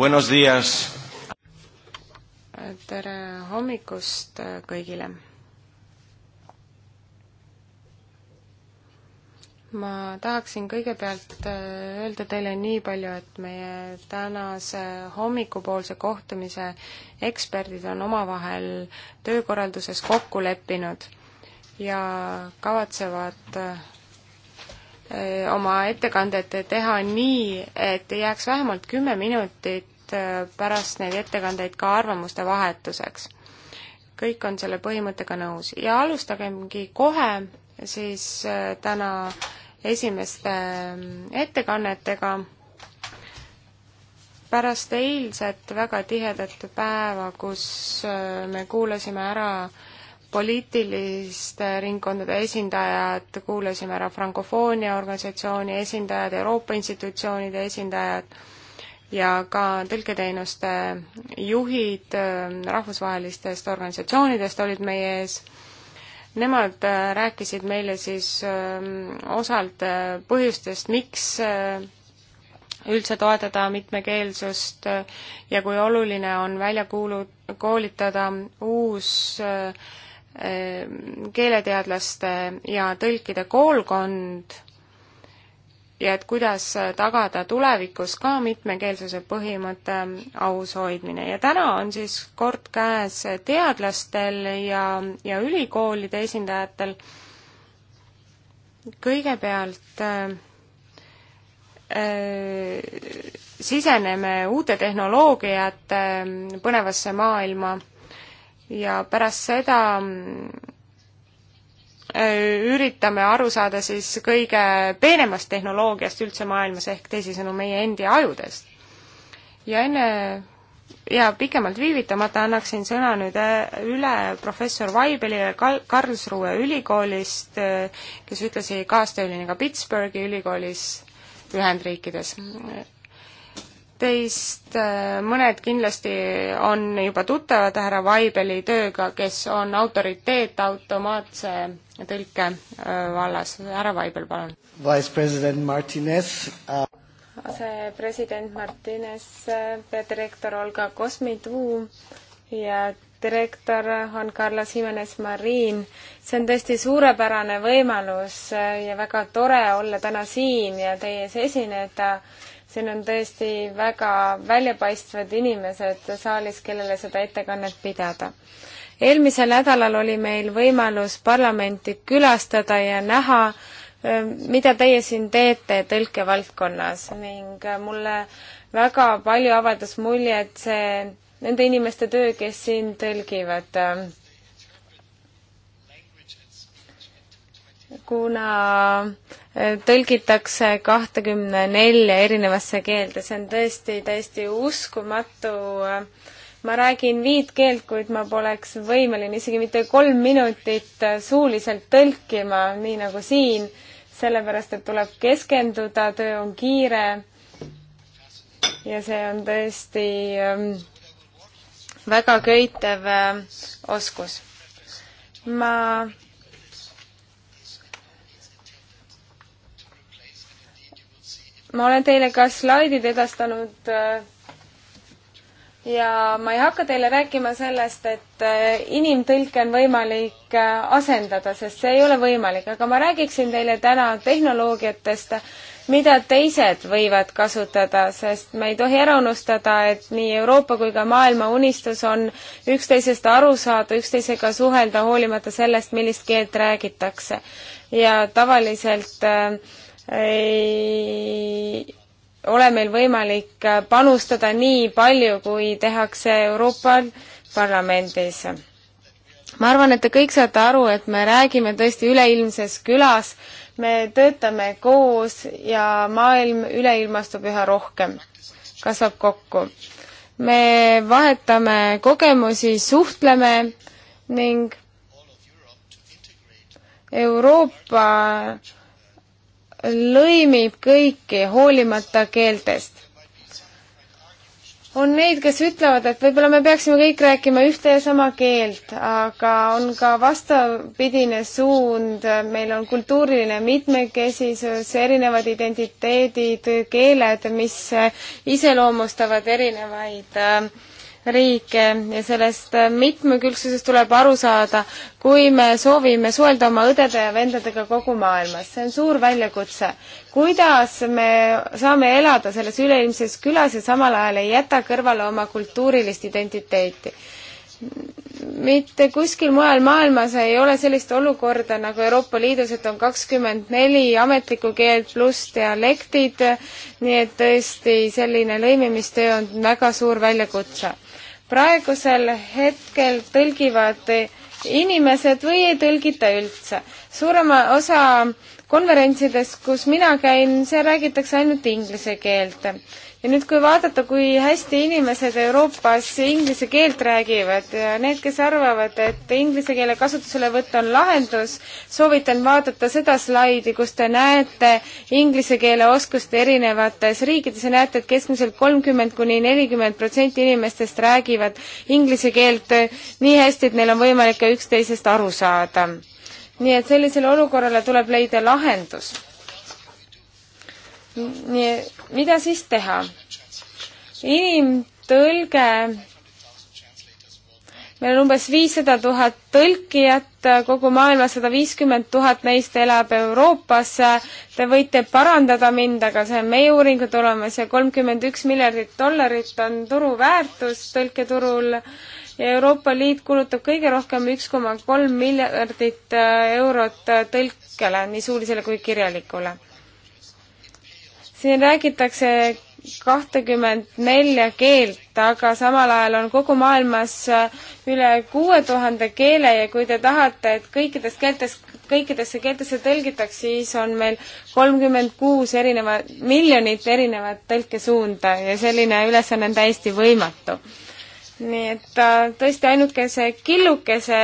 Buenos dias! tere hommikust kõigile! ma tahaksin kõigepealt öelda teile nii palju, et meie tänase hommikupoolse kohtumise eksperdid on omavahel töökorralduses kokku leppinud ja kavatsevad eh, oma ettekandet teha nii, et jääks vähemalt kümme minutit et äh, pärast neid ettekandeid ka arvamuste vahetuseks. kõik on selle põhimõttega nõus ja alustagemgi kohe siis äh, täna esimeste mm, ettekannetega pärast eilset väga tihedat päeva, kus äh, me kuulasime ära poliitiliste ringkondade esindajad, kuulasime ära frankofoonia organisatsiooni esindajad, Euroopa institutsioonide esindajad ja ka tõlketeenuste juhid äh, rahvusvahelistest organisatsioonidest olid meie ees. Nemad äh, rääkisid meile siis ähm, osalt äh, põhjustest, miks üldse toetada mitmekeelsust ja kui oluline on välja kuulu-, koolitada uus keeleteadlaste ja tõlkide koolkond ja et kuidas äh, tagada tulevikus ka mitmekeelsuse põhimõtte ähm, aus hoidmine. ja täna on siis kord käes teadlastel ja, ja ülikoolide esindajatel kõigepealt äh, äh, siseneme uute tehnoloogiate ähm, põnevasse maailma ja pärast seda mm, Äh, üritame aru saada siis kõige peenemast tehnoloogiast üldse maailmas, ehk teisisõnu meie endi ajudest. ja enne ja pikemalt viivitamata annaksin sõna nüüd äh, üle professor Vaibelile Kal-, Karlsruhe ülikoolist, äh, kes ühtlasi kaastööline ka Pittsburghi ülikoolis Ühendriikides. Teist mõned kindlasti on juba tuttavad härra Vaibeli tööga, kes on autoriteet automaatse tõlke äh, vallas. härra Vaibel, palun. Vice-president Martinez uh... asepresident Martinez, äh, peadirektor Olga Kosmituu ja direktor Juan Carlos Jimenez Marin. see on tõesti suurepärane võimalus ja väga tore olla täna siin ja teie ees esineda. siin on tõesti väga väljapaistvad inimesed saalis, kellele seda ettekannet pidada eelmisel nädalal oli meil võimalus parlamenti külastada ja näha, mida teie siin teete tõlkevaldkonnas ning äh, mulle väga palju avaldas mulje, et see, nende inimeste töö, kes siin tõlgivad, äh, kuna äh, tõlgitakse kahtekümne nelja erinevasse keelde, see on tõesti täiesti uskumatu äh, ma räägin viit keelt, kuid ma poleks võimeline isegi mitte kolm minutit suuliselt tõlkima, nii nagu siin, sellepärast et tuleb keskenduda, töö on kiire ja see on tõesti ähm, väga köitev ähm, oskus. ma ma olen teile ka slaidid edastanud äh, ja ma ei hakka teile rääkima sellest, et äh, inimtõlke on võimalik äh, asendada, sest see ei ole võimalik, aga ma räägiksin teile täna tehnoloogiatest, mida teised võivad kasutada, sest me ei tohi ära unustada, et nii Euroopa kui ka maailma unistus on üksteisest aru saada, üksteisega suhelda, hoolimata sellest, millist keelt räägitakse. ja tavaliselt äh, ei ole meil võimalik panustada nii palju, kui tehakse Euroopa Parlamendis. ma arvan, et te kõik saate aru, et me räägime tõesti üleilmses külas, me töötame koos ja maailm üleilmastub üha rohkem, kasvab kokku. me vahetame kogemusi, suhtleme ning Euroopa lõimib kõiki, hoolimata keeltest. on neid, kes ütlevad, et võib-olla me peaksime kõik rääkima ühte ja sama keelt, aga on ka vastupidine suund, meil on kultuuriline mitmekesisus, erinevad identiteedid, keeled, mis iseloomustavad erinevaid äh, riike ja sellest mitmekülgsusest tuleb aru saada, kui me soovime suhelda oma õdede ja vendadega kogu maailmas. see on suur väljakutse. kuidas me saame elada selles üleilmses külas ja samal ajal ei jäta kõrvale oma kultuurilist identiteeti? mitte kuskil mujal maailmas ei ole sellist olukorda nagu Euroopa Liidus, et on kakskümmend neli ametlikku keelt pluss dialektid, nii et tõesti selline lõimimistöö on väga suur väljakutse praegusel hetkel tõlgivad inimesed või ei tõlgita üldse. suurema osa konverentsidest, kus mina käin, seal räägitakse ainult inglise keelt ja nüüd, kui vaadata, kui hästi inimesed Euroopas inglise keelt räägivad ja need, kes arvavad, et inglise keele kasutuselevõtt on lahendus, soovitan vaadata seda slaidi, kus te näete inglise keele oskust erinevates riikides ja näete, et keskmiselt kolmkümmend kuni nelikümmend protsenti inimestest räägivad inglise keelt nii hästi, et neil on võimalik ka üksteisest aru saada. nii et sellisele olukorrale tuleb leida lahendus nii, mida siis teha? inimtõlge, meil on umbes viissada tuhat tõlkijat kogu maailmas, sada viiskümmend tuhat neist elab Euroopas. Te võite parandada mind, aga see on meie uuringu tulemus ja kolmkümmend üks miljardit dollarit on turuväärtus tõlketurul ja Euroopa Liit kulutab kõige rohkem üks koma kolm miljardit eurot tõlkele, nii suulisele kui kirjalikule siin räägitakse kahtekümmend nelja keelt, aga samal ajal on kogu maailmas äh, üle kuue tuhande keele ja kui te tahate, et kõikides keeltes, kõikidesse keeltesse tõlgitaks, siis on meil kolmkümmend kuus erinevat, miljonit erinevat tõlkesuunda ja selline ülesanne on täiesti võimatu. nii et äh, tõesti ainukese killukese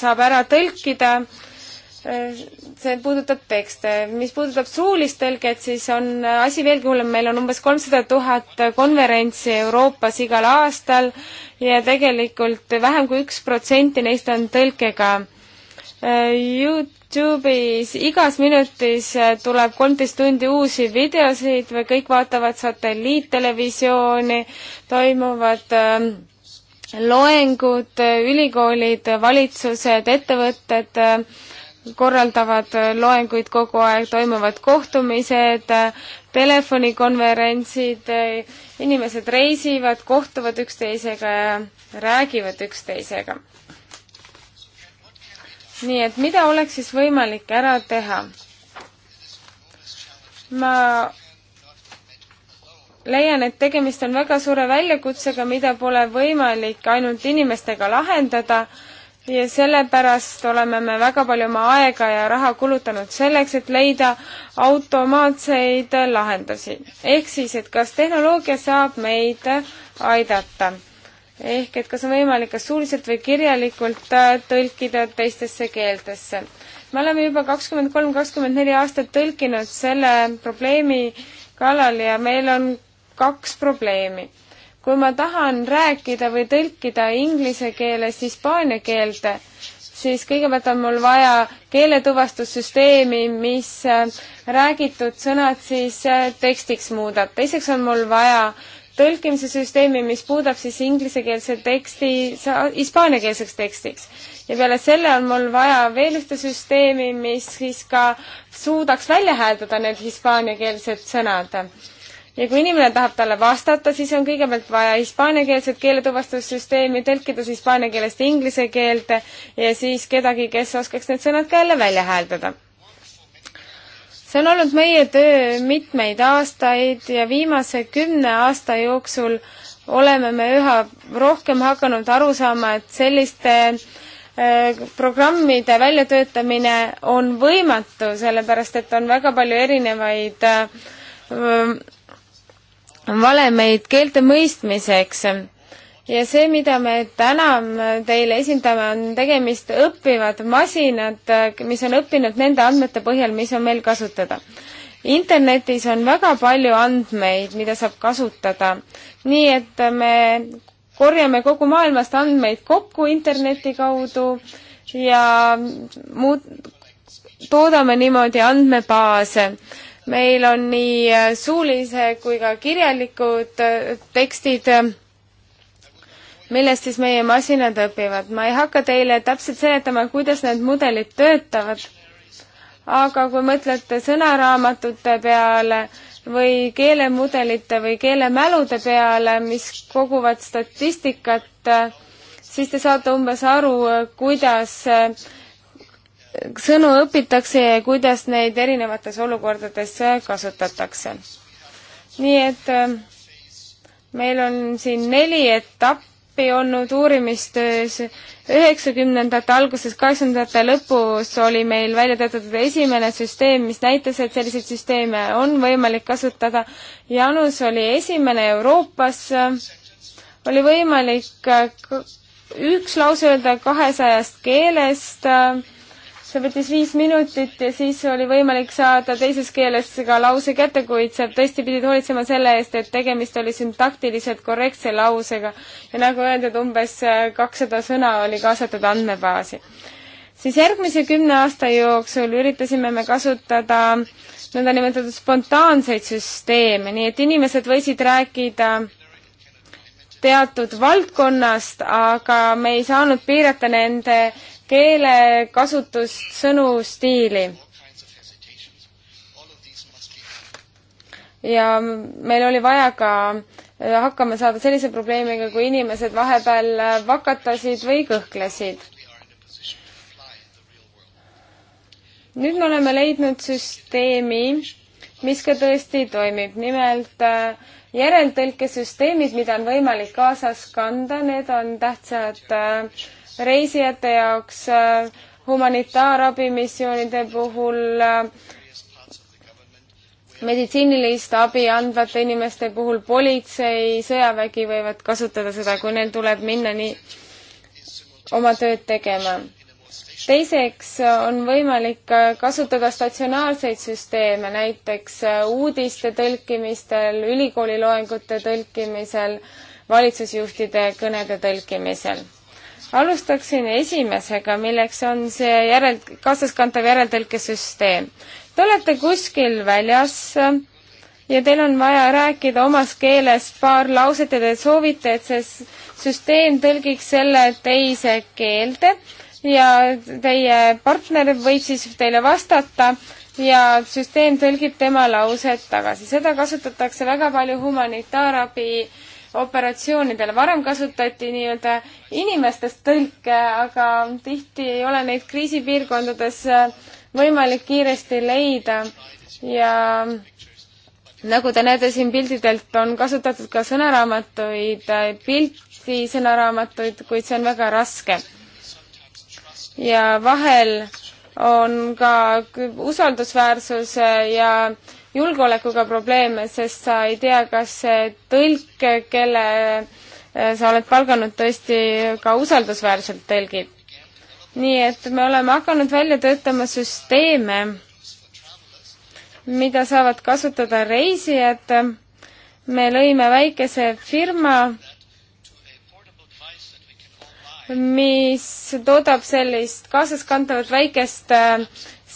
saab ära tõlkida see puudutab tekste. mis puudutab suulist tõlget, siis on asi veelgi hullem, meil on umbes kolmsada tuhat konverentsi Euroopas igal aastal ja tegelikult vähem kui üks protsenti neist on tõlkega. Youtube'is igas minutis tuleb kolmteist tundi uusi videosid või kõik vaatavad satelliittelevisiooni, toimuvad äh, loengud, ülikoolid, valitsused, ettevõtted äh,, korraldavad äh, loenguid kogu aeg, toimuvad kohtumised, äh, telefonikonverentsid, äh, inimesed reisivad, kohtuvad üksteisega ja räägivad üksteisega. nii et mida oleks siis võimalik ära teha? ma leian, et tegemist on väga suure väljakutsega, mida pole võimalik ainult inimestega lahendada ja sellepärast oleme me väga palju oma aega ja raha kulutanud selleks, et leida automaatseid lahendusi. ehk siis, et kas tehnoloogia saab meid aidata. ehk et kas on võimalik kas suuliselt või kirjalikult tõlkida teistesse keeltesse. me oleme juba kakskümmend kolm, kakskümmend neli aastat tõlkinud selle probleemi kallal ja meil on kaks probleemi kui ma tahan rääkida või tõlkida inglise keelest hispaania keelde, siis kõigepealt on mul vaja keeletuvastussüsteemi, mis äh, räägitud sõnad siis äh, tekstiks muudab. teiseks on mul vaja tõlkimise süsteemi, mis puudab siis inglisekeelse teksti hispaaniakeelseks tekstiks. ja peale selle on mul vaja veel ühte süsteemi, mis siis ka suudaks välja hääldada need hispaaniakeelsed sõnad ja kui inimene tahab talle vastata, siis on kõigepealt vaja hispaaniakeelset keeletuvastussüsteemi tõlkida siis hispaania keelest inglise keelde ja siis kedagi, kes oskaks need sõnad ka jälle välja hääldada. see on olnud meie töö mitmeid aastaid ja viimase kümne aasta jooksul oleme me üha rohkem hakanud aru saama, et selliste äh, programmide väljatöötamine on võimatu, sellepärast et on väga palju erinevaid äh, valemeid keelte mõistmiseks. ja see, mida me täna teile esindame, on tegemist õppivad masinad, mis on õppinud nende andmete põhjal, mis on meil kasutada. internetis on väga palju andmeid, mida saab kasutada, nii et me korjame kogu maailmast andmeid kokku interneti kaudu ja muud, toodame niimoodi andmebaase meil on nii äh, suulise kui ka kirjalikud äh, tekstid, äh, millest siis meie masinad õpivad. ma ei hakka teile täpselt seletama, kuidas need mudelid töötavad, aga kui mõtlete sõnaraamatute peale või keelemudelite või keelemälude peale, mis koguvad statistikat, siis te saate umbes aru, kuidas sõnu õpitakse ja kuidas neid erinevates olukordades kasutatakse. nii et äh, meil on siin neli etappi olnud uurimistöös. üheksakümnendate alguses, kaheksakümnendate lõpus oli meil välja töötatud esimene süsteem, mis näitas, et selliseid süsteeme on võimalik kasutada. Janus oli esimene Euroopas, oli võimalik äh, üks lause öelda kahesajast keelest äh, see võttis viis minutit ja siis oli võimalik saada teises keeles ka lause kätte, kuid sa tõesti pidid hoolitsema selle eest, et tegemist oli süntaktiliselt korrektse lausega. ja nagu öeldud, umbes äh, kakssada sõna oli kaasatud andmebaasi. siis järgmise kümne aasta jooksul üritasime me kasutada nõndanimetatud spontaanseid süsteeme, nii et inimesed võisid rääkida teatud valdkonnast, aga me ei saanud piirata nende keelekasutust, sõnu, stiili. ja meil oli vaja ka äh, hakkama saada sellise probleemiga, kui inimesed vahepeal äh, vakatasid või kõhklesid. nüüd me oleme leidnud süsteemi, mis ka tõesti toimib, nimelt äh, järeltõlkesüsteemid, mida on võimalik kaasas kanda, need on tähtsad äh, reisijate jaoks, äh, humanitaarabimissioonide puhul, äh, meditsiinilist abi andvate inimeste puhul politsei, sõjavägi võivad kasutada seda, kui neil tuleb minna nii oma tööd tegema. teiseks äh, on võimalik kasutada statsionaarseid süsteeme, näiteks uudiste tõlkimistel, ülikooliloengute tõlkimisel, valitsusjuhtide kõnede tõlkimisel alustaksin esimesega, milleks on see järel, kaasaskantav järeltõlkesüsteem. Te olete kuskil väljas äh, ja teil on vaja rääkida omas keeles paar lauset ja te soovite, et see süsteem tõlgiks selle teise keelde ja teie partner võib siis teile vastata ja süsteem tõlgib tema laused tagasi. seda kasutatakse väga palju humanitaarabi äh, operatsioonidele. varem kasutati nii-öelda inimestest tõlke, aga tihti ei ole neid kriisipiirkondades äh, võimalik kiiresti leida ja nagu te näete siin pildidelt, on kasutatud ka sõnaraamatuid, äh, piltisõnaraamatuid, kuid see on väga raske. ja vahel on ka usaldusväärsuse ja julgeolekuga probleeme, sest sa ei tea, kas see tõlk, kelle eh, sa oled palganud, tõesti ka usaldusväärselt tõlgib. nii et me oleme hakanud välja töötama süsteeme, mida saavad kasutada reisijad. me lõime väikese firma, mis toodab sellist kaasaskantavat väikest eh,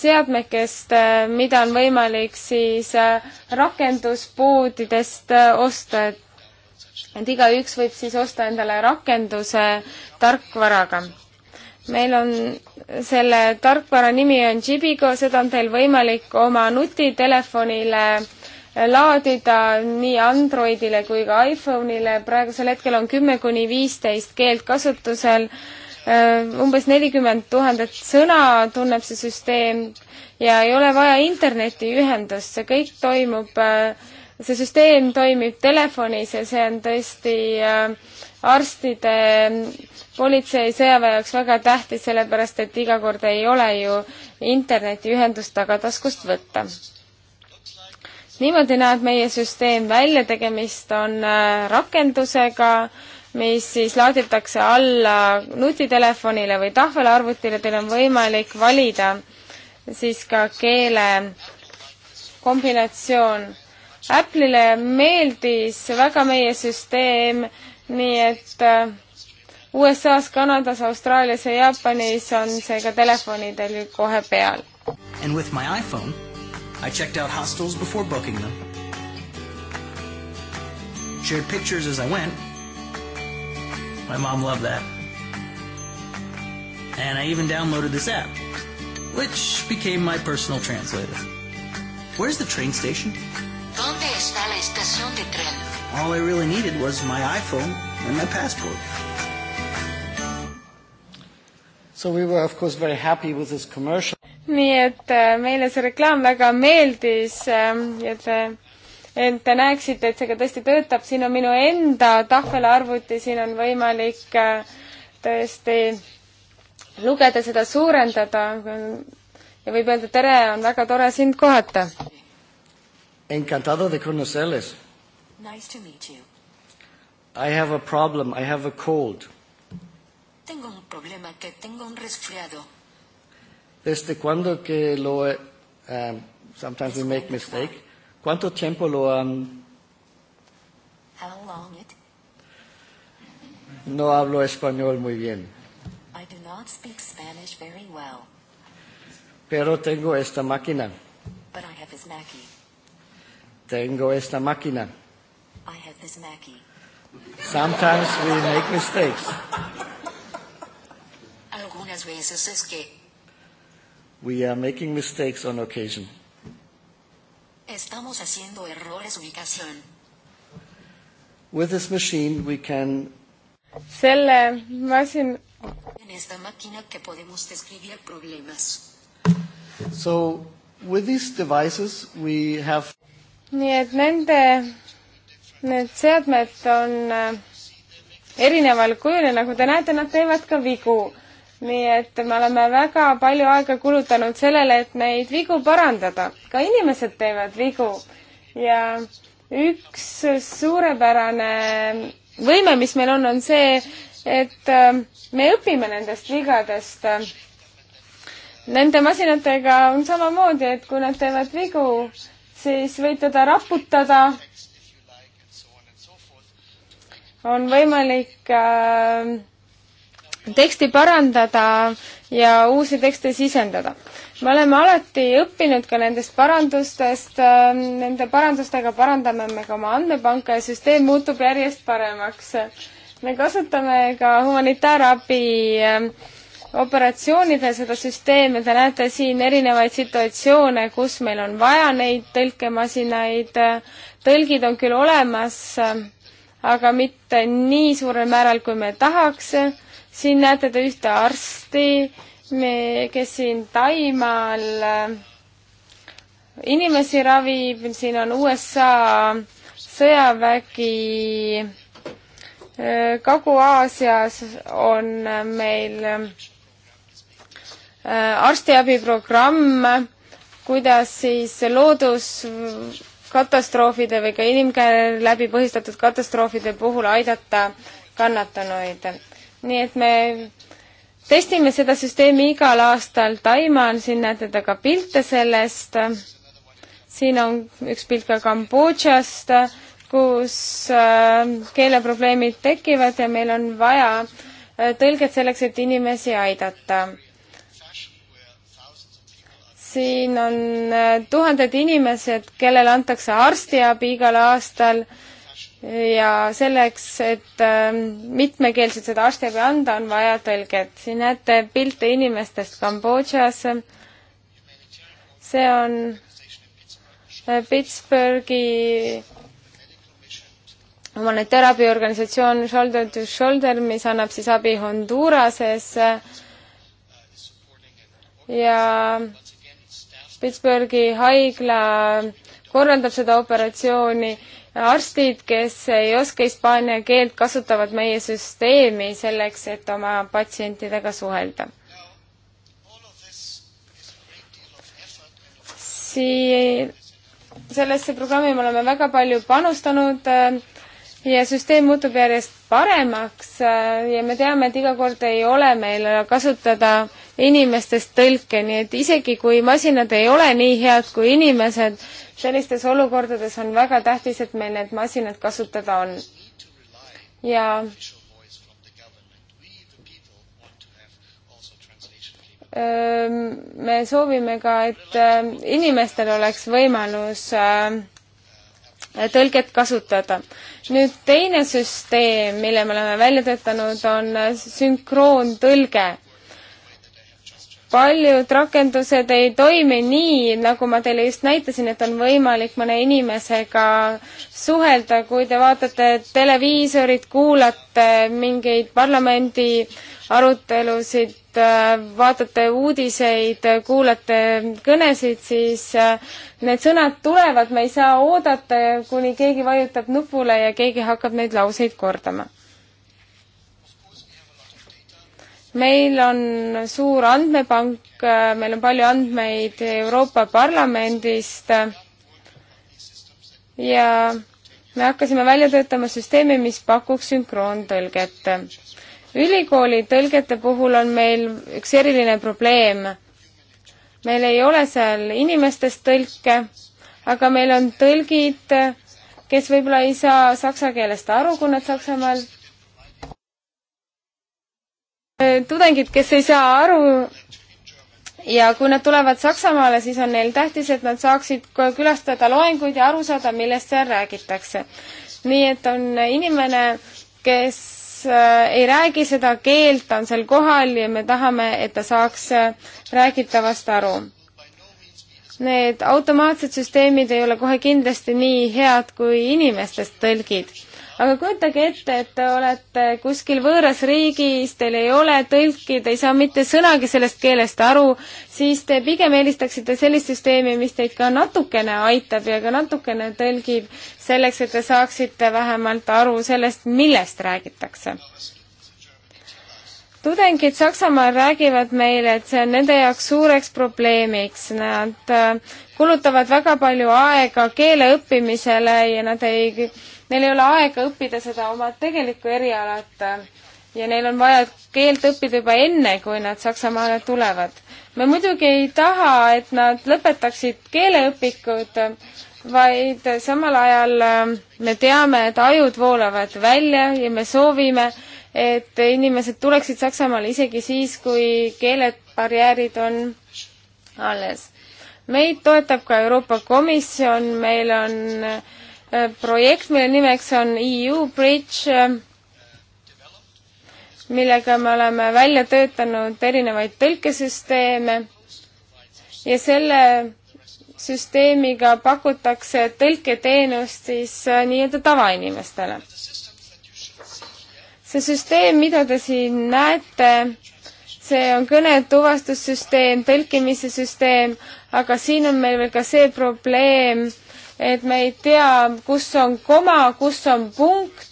seadmekest, äh, mida on võimalik siis äh, rakenduspoodidest äh, osta, et et igaüks võib siis osta endale rakenduse tarkvaraga. meil on selle tarkvara nimi on Jibigo, seda on teil võimalik oma nutitelefonile laadida nii Androidile kui ka iPhone'ile, praegusel hetkel on kümme kuni viisteist keelt kasutusel Äh, umbes nelikümmend tuhandet sõna tunneb see süsteem ja ei ole vaja internetiühendust, see kõik toimub, äh, see süsteem toimib telefonis ja see on tõesti äh, arstide, politsei, sõjaväe jaoks väga tähtis, sellepärast et iga kord ei ole ju internetiühendust tagataskust võtta. niimoodi näeb meie süsteem välja, tegemist on rakendusega äh,, mis siis laaditakse alla nutitelefonile või tahvelarvutile, teil on võimalik valida siis ka keele kombinatsioon. Apple'ile meeldis väga meie süsteem, nii et äh, USA-s, Kanadas, Austraalias ja Jaapanis on see ka telefonidel kohe peal. And with my iPhone I checked out hostels before booking them. Shared pictures as I went My mom loved that. And I even downloaded this app, which became my personal translator. Where's the train station? ¿Dónde está la estación de tren? All I really needed was my iPhone and my passport. So we were of course very happy with this commercial. nii et äh, meile see reklaam väga meeldis ähm, ja see et te näeksite, et see ka tõesti töötab. siin on minu enda tahvelarvuti, siin on võimalik äh, tõesti lugeda seda, suurendada ja võib öelda tere, on väga tore sind kohata. Encantado de conocerles. Nice to meet you. I have a problem, I have a cold. Tengo un problema que tengo un resfriado. Desde cuando que lo... Um, sometimes we make mistake. Quanto tempo lo han... Ehm, How long it? No hablo español muy bien. I do not speak Spanish very well. Pero tengo esta máquina. But I have this Mackie. Tengo esta máquina. I have this Mackie. Sometimes we make mistakes. Algunas veces es que. We are making mistakes on occasion. Estamos haciendo errores ubicación. With this machine we can selle masin en esta máquina que podemos describir problemas. So with these devices we have nii et nende, need seadmed on äh, erineval kujul ja nagu te näete, nad teevad ka vigu nii et me oleme väga palju aega kulutanud sellele, et neid vigu parandada. ka inimesed teevad vigu ja üks suurepärane võime, mis meil on, on see, et äh, me õpime nendest vigadest. Nende masinatega on samamoodi, et kui nad teevad vigu, siis võid teda raputada. on võimalik äh, teksti parandada ja uusi tekste sisendada. me oleme alati õppinud ka nendest parandustest, ähm, nende parandustega parandame me ka oma andmepanka ja süsteem muutub järjest paremaks. me kasutame ka humanitaarabi ähm, operatsioonidel seda süsteemi, te näete siin erinevaid situatsioone, kus meil on vaja neid tõlkemasinaid, tõlgid on küll olemas, aga mitte nii suurel määral, kui me tahaks siin näete te ühte arsti, kes siin Taimaal äh, inimesi ravib, siin on USA sõjavägi, äh, Kagu-Aasias on äh, meil arstiabiprogramm, kuidas siis looduskatastroofide või ka inimkäe läbi põhjustatud katastroofide puhul aidata kannatanuid nii et me testime seda süsteemi igal aastal, Taima on siin, näete te ka pilte sellest, siin on üks pilt ka Kambodžast, kus äh, keeleprobleemid tekivad ja meil on vaja äh, tõlget selleks, et inimesi aidata siin on äh, tuhanded inimesed, kellele antakse arstiabi igal aastal ja selleks, et ähm, mitmekeelselt seda arstiabi anda, on vaja tõlget. siin näete pilte inimestest Kambodžas. see on äh, Pittsburghi humanitaarabiorganisatsioon Shoulder to Shoulder, mis annab siis abi Honduras'es ja Pittsburghi haigla korraldab seda operatsiooni arstid, kes ei oska hispaania keelt, kasutavad meie süsteemi selleks, et oma patsientidega suhelda. siin sellesse programmi me oleme väga palju panustanud äh, ja süsteem muutub järjest paremaks äh, ja me teame, et iga kord ei ole meil kasutada inimestest tõlke, nii et isegi kui masinad ei ole nii head kui inimesed, sellistes olukordades on väga tähtis, et meil need masinad kasutada on. ja me soovime ka, et inimestel oleks võimalus tõlget kasutada. nüüd teine süsteem, mille me oleme välja töötanud, on sünkroontõlge paljud rakendused ei toimi nii, nagu ma teile just näitasin, et on võimalik mõne inimesega suhelda, kui te vaatate televiisorit, kuulate mingeid parlamendi arutelusid, vaatate uudiseid, kuulate kõnesid, siis äh, need sõnad tulevad, me ei saa oodata, kuni keegi vajutab nupule ja keegi hakkab neid lauseid kordama meil on suur andmepank, meil on palju andmeid Euroopa Parlamendist ja me hakkasime välja töötama süsteemi, mis pakuks sünkroontõlget. ülikooli tõlgete puhul on meil üks eriline probleem. meil ei ole seal inimestest tõlke, aga meil on tõlgid, kes võib-olla ei saa saksa keelest aru, kui nad Saksamaalt tudengid, kes ei saa aru ja kui nad tulevad Saksamaale, siis on neil tähtis, et nad saaksid külastada loenguid ja aru saada, millest seal räägitakse. nii et on inimene, kes äh, ei räägi seda keelt, ta on seal kohal ja me tahame, et ta saaks äh, räägitavast aru. Need automaatsed süsteemid ei ole kohe kindlasti nii head kui inimestest tõlgid aga kujutage ette, et te olete kuskil võõras riigis, teil ei ole tõlki, te ei saa mitte sõnagi sellest keelest aru, siis te pigem eelistaksite sellist süsteemi, mis teid ka natukene aitab ja ka natukene tõlgib, selleks et te saaksite vähemalt aru sellest, millest räägitakse tudengid Saksamaal räägivad meile, et see on nende jaoks suureks probleemiks, nad äh, kulutavad väga palju aega keele õppimisele ja nad ei neil ei ole aega õppida seda oma tegelikku erialat ja neil on vaja keelt õppida juba enne, kui nad Saksamaale tulevad. me muidugi ei taha, et nad lõpetaksid keeleõpikud, vaid samal ajal ähm, me teame, et ajud voolavad välja ja me soovime, et inimesed tuleksid Saksamaale isegi siis, kui keelebarjäärid on alles. meid toetab ka Euroopa Komisjon, meil on äh, Äh, projekt, mille nimeks on EU Bridge, äh, millega me oleme välja töötanud erinevaid tõlkesüsteeme ja selle süsteemiga pakutakse tõlketeenust siis äh, nii-öelda tavainimestele. see süsteem, mida te siin näete, see on kõnetuvastussüsteem, tõlkimise süsteem, aga siin on meil veel ka see probleem, et me ei tea, kus on koma, kus on punkt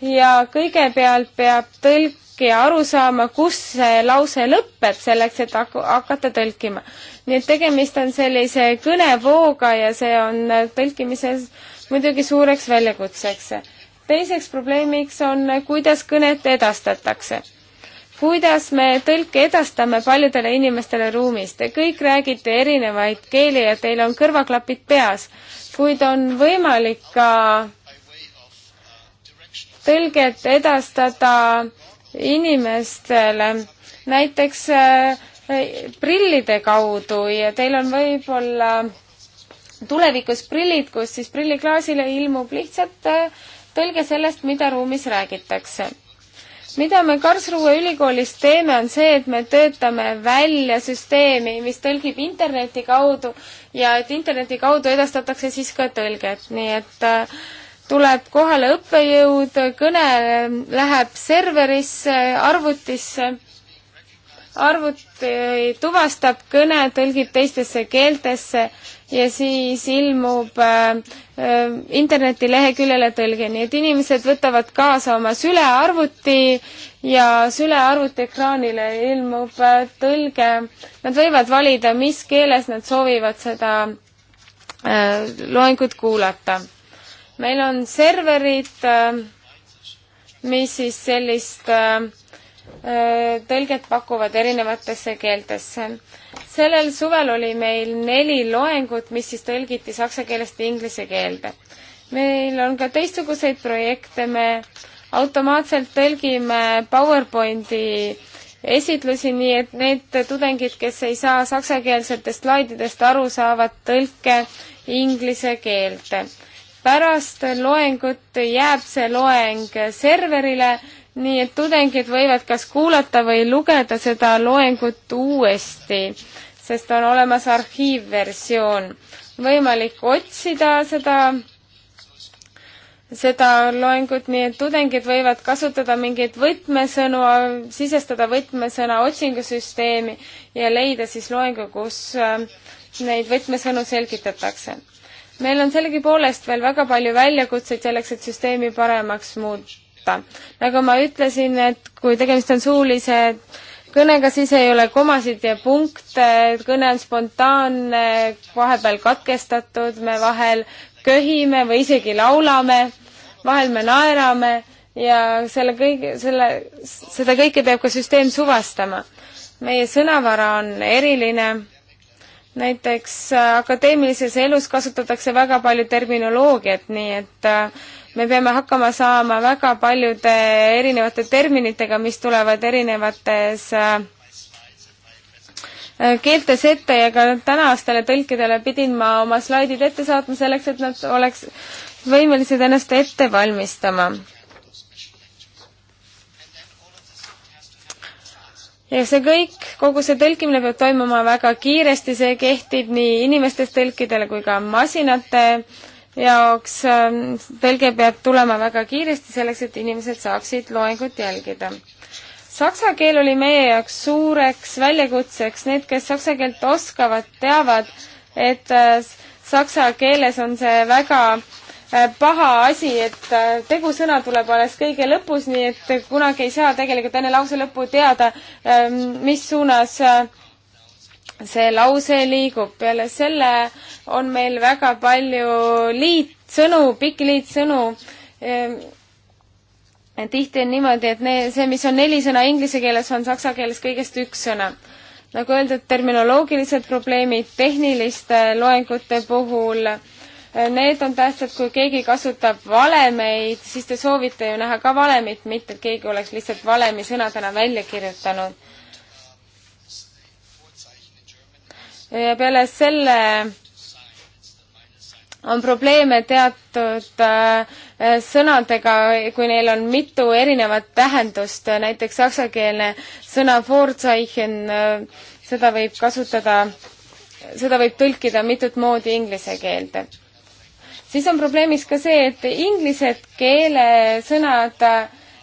ja kõigepealt peab tõlkija aru saama, kus see lause lõpeb, selleks et hakata tõlkima. nii et tegemist on sellise kõnevooga ja see on tõlkimises muidugi suureks väljakutseks. teiseks probleemiks on, kuidas kõnet edastatakse kuidas me tõlke edastame paljudele inimestele ruumis. Te kõik räägite erinevaid keeli ja teil on kõrvaklapid peas kuid on võimalik ka tõlget edastada inimestele, näiteks äh, prillide kaudu ja teil on võib-olla tulevikus prillid, kus siis prilliklaasile ilmub lihtsalt äh, tõlge sellest, mida ruumis räägitakse mida me Karlsruhe ülikoolis teeme, on see, et me töötame välja süsteemi, mis tõlgib interneti kaudu ja et interneti kaudu edastatakse siis ka tõlget, nii et äh, tuleb kohale õppejõud, kõne läheb serverisse, arvutisse arvuti tuvastab kõne, tõlgib teistesse keeltesse ja siis ilmub äh, äh, internetileheküljele tõlge, nii et inimesed võtavad kaasa oma sülearvuti ja sülearvuti ekraanile ilmub äh, tõlge. Nad võivad valida, mis keeles nad soovivad seda äh, loengut kuulata. meil on serverid, äh, mis siis sellist äh, Äh, tõlget pakuvad erinevatesse keeltesse. sellel suvel oli meil neli loengut, mis siis tõlgiti saksa keelest inglise keelde. meil on ka teistsuguseid projekte, me automaatselt tõlgime PowerPointi esitlusi, nii et need tudengid, kes ei saa saksakeelsetest slaididest aru, saavad tõlke inglise keelde. pärast loengut jääb see loeng serverile nii et tudengid võivad kas kuulata või lugeda seda loengut uuesti, sest on olemas arhiivversioon. võimalik otsida seda, seda loengut, nii et tudengid võivad kasutada mingeid võtmesõnu, sisestada võtmesõna otsingusüsteemi ja leida siis loengu, kus äh, neid võtmesõnu selgitatakse. meil on sellegipoolest veel väga palju väljakutseid selleks, et süsteemi paremaks muuta võtta. nagu ma ütlesin, et kui tegemist on suulise kõnega, siis ei ole komasid ja punkte, kõne on spontaanne, vahepeal katkestatud, me vahel köhime või isegi laulame, vahel me naerame ja selle kõige, selle, seda kõike peab ka süsteem suvastama. meie sõnavara on eriline näiteks akadeemilises elus kasutatakse väga palju terminoloogiat, nii et äh, me peame hakkama saama väga paljude erinevate terminitega, mis tulevad erinevates äh, äh, keeltes ette ja ka tänastele tõlkidele pidin ma oma slaidid ette saatma selleks, et nad oleks võimelised ennast ette valmistama. ja see kõik, kogu see tõlkimine peab toimuma väga kiiresti, see kehtib nii inimestest tõlkidele kui ka masinate äh, jaoks ähm, tõlge peab tulema väga kiiresti, selleks et inimesed saaksid loengut jälgida. Saksa keel oli meie jaoks suureks väljakutseks, need, kes saksa keelt oskavad, teavad, et äh, saksa keeles on see väga äh, paha asi, et äh, tegusõna tuleb alles kõige lõpus, nii et kunagi ei saa tegelikult enne lause lõppu teada, ähm, mis suunas äh, see lause liigub, peale selle on meil väga palju liitsõnu, pikki liitsõnu. Ehm, tihti on niimoodi, et ne, see, mis on neli sõna inglise keeles, on saksa keeles kõigest üks sõna. nagu öeldud, terminoloogilised probleemid tehniliste loengute puhul, eh, need on tähtsad, kui keegi kasutab valemeid, siis te soovite ju näha ka valemit, mitte et keegi oleks lihtsalt valemi sõnadena välja kirjutanud ja peale selle on probleeme teatud äh, sõnadega, kui neil on mitu erinevat tähendust, näiteks saksakeelne sõna Vorzeichen, äh, seda võib kasutada, seda võib tõlkida mitut moodi inglise keelde. siis on probleemiks ka see, et inglised keelesõnad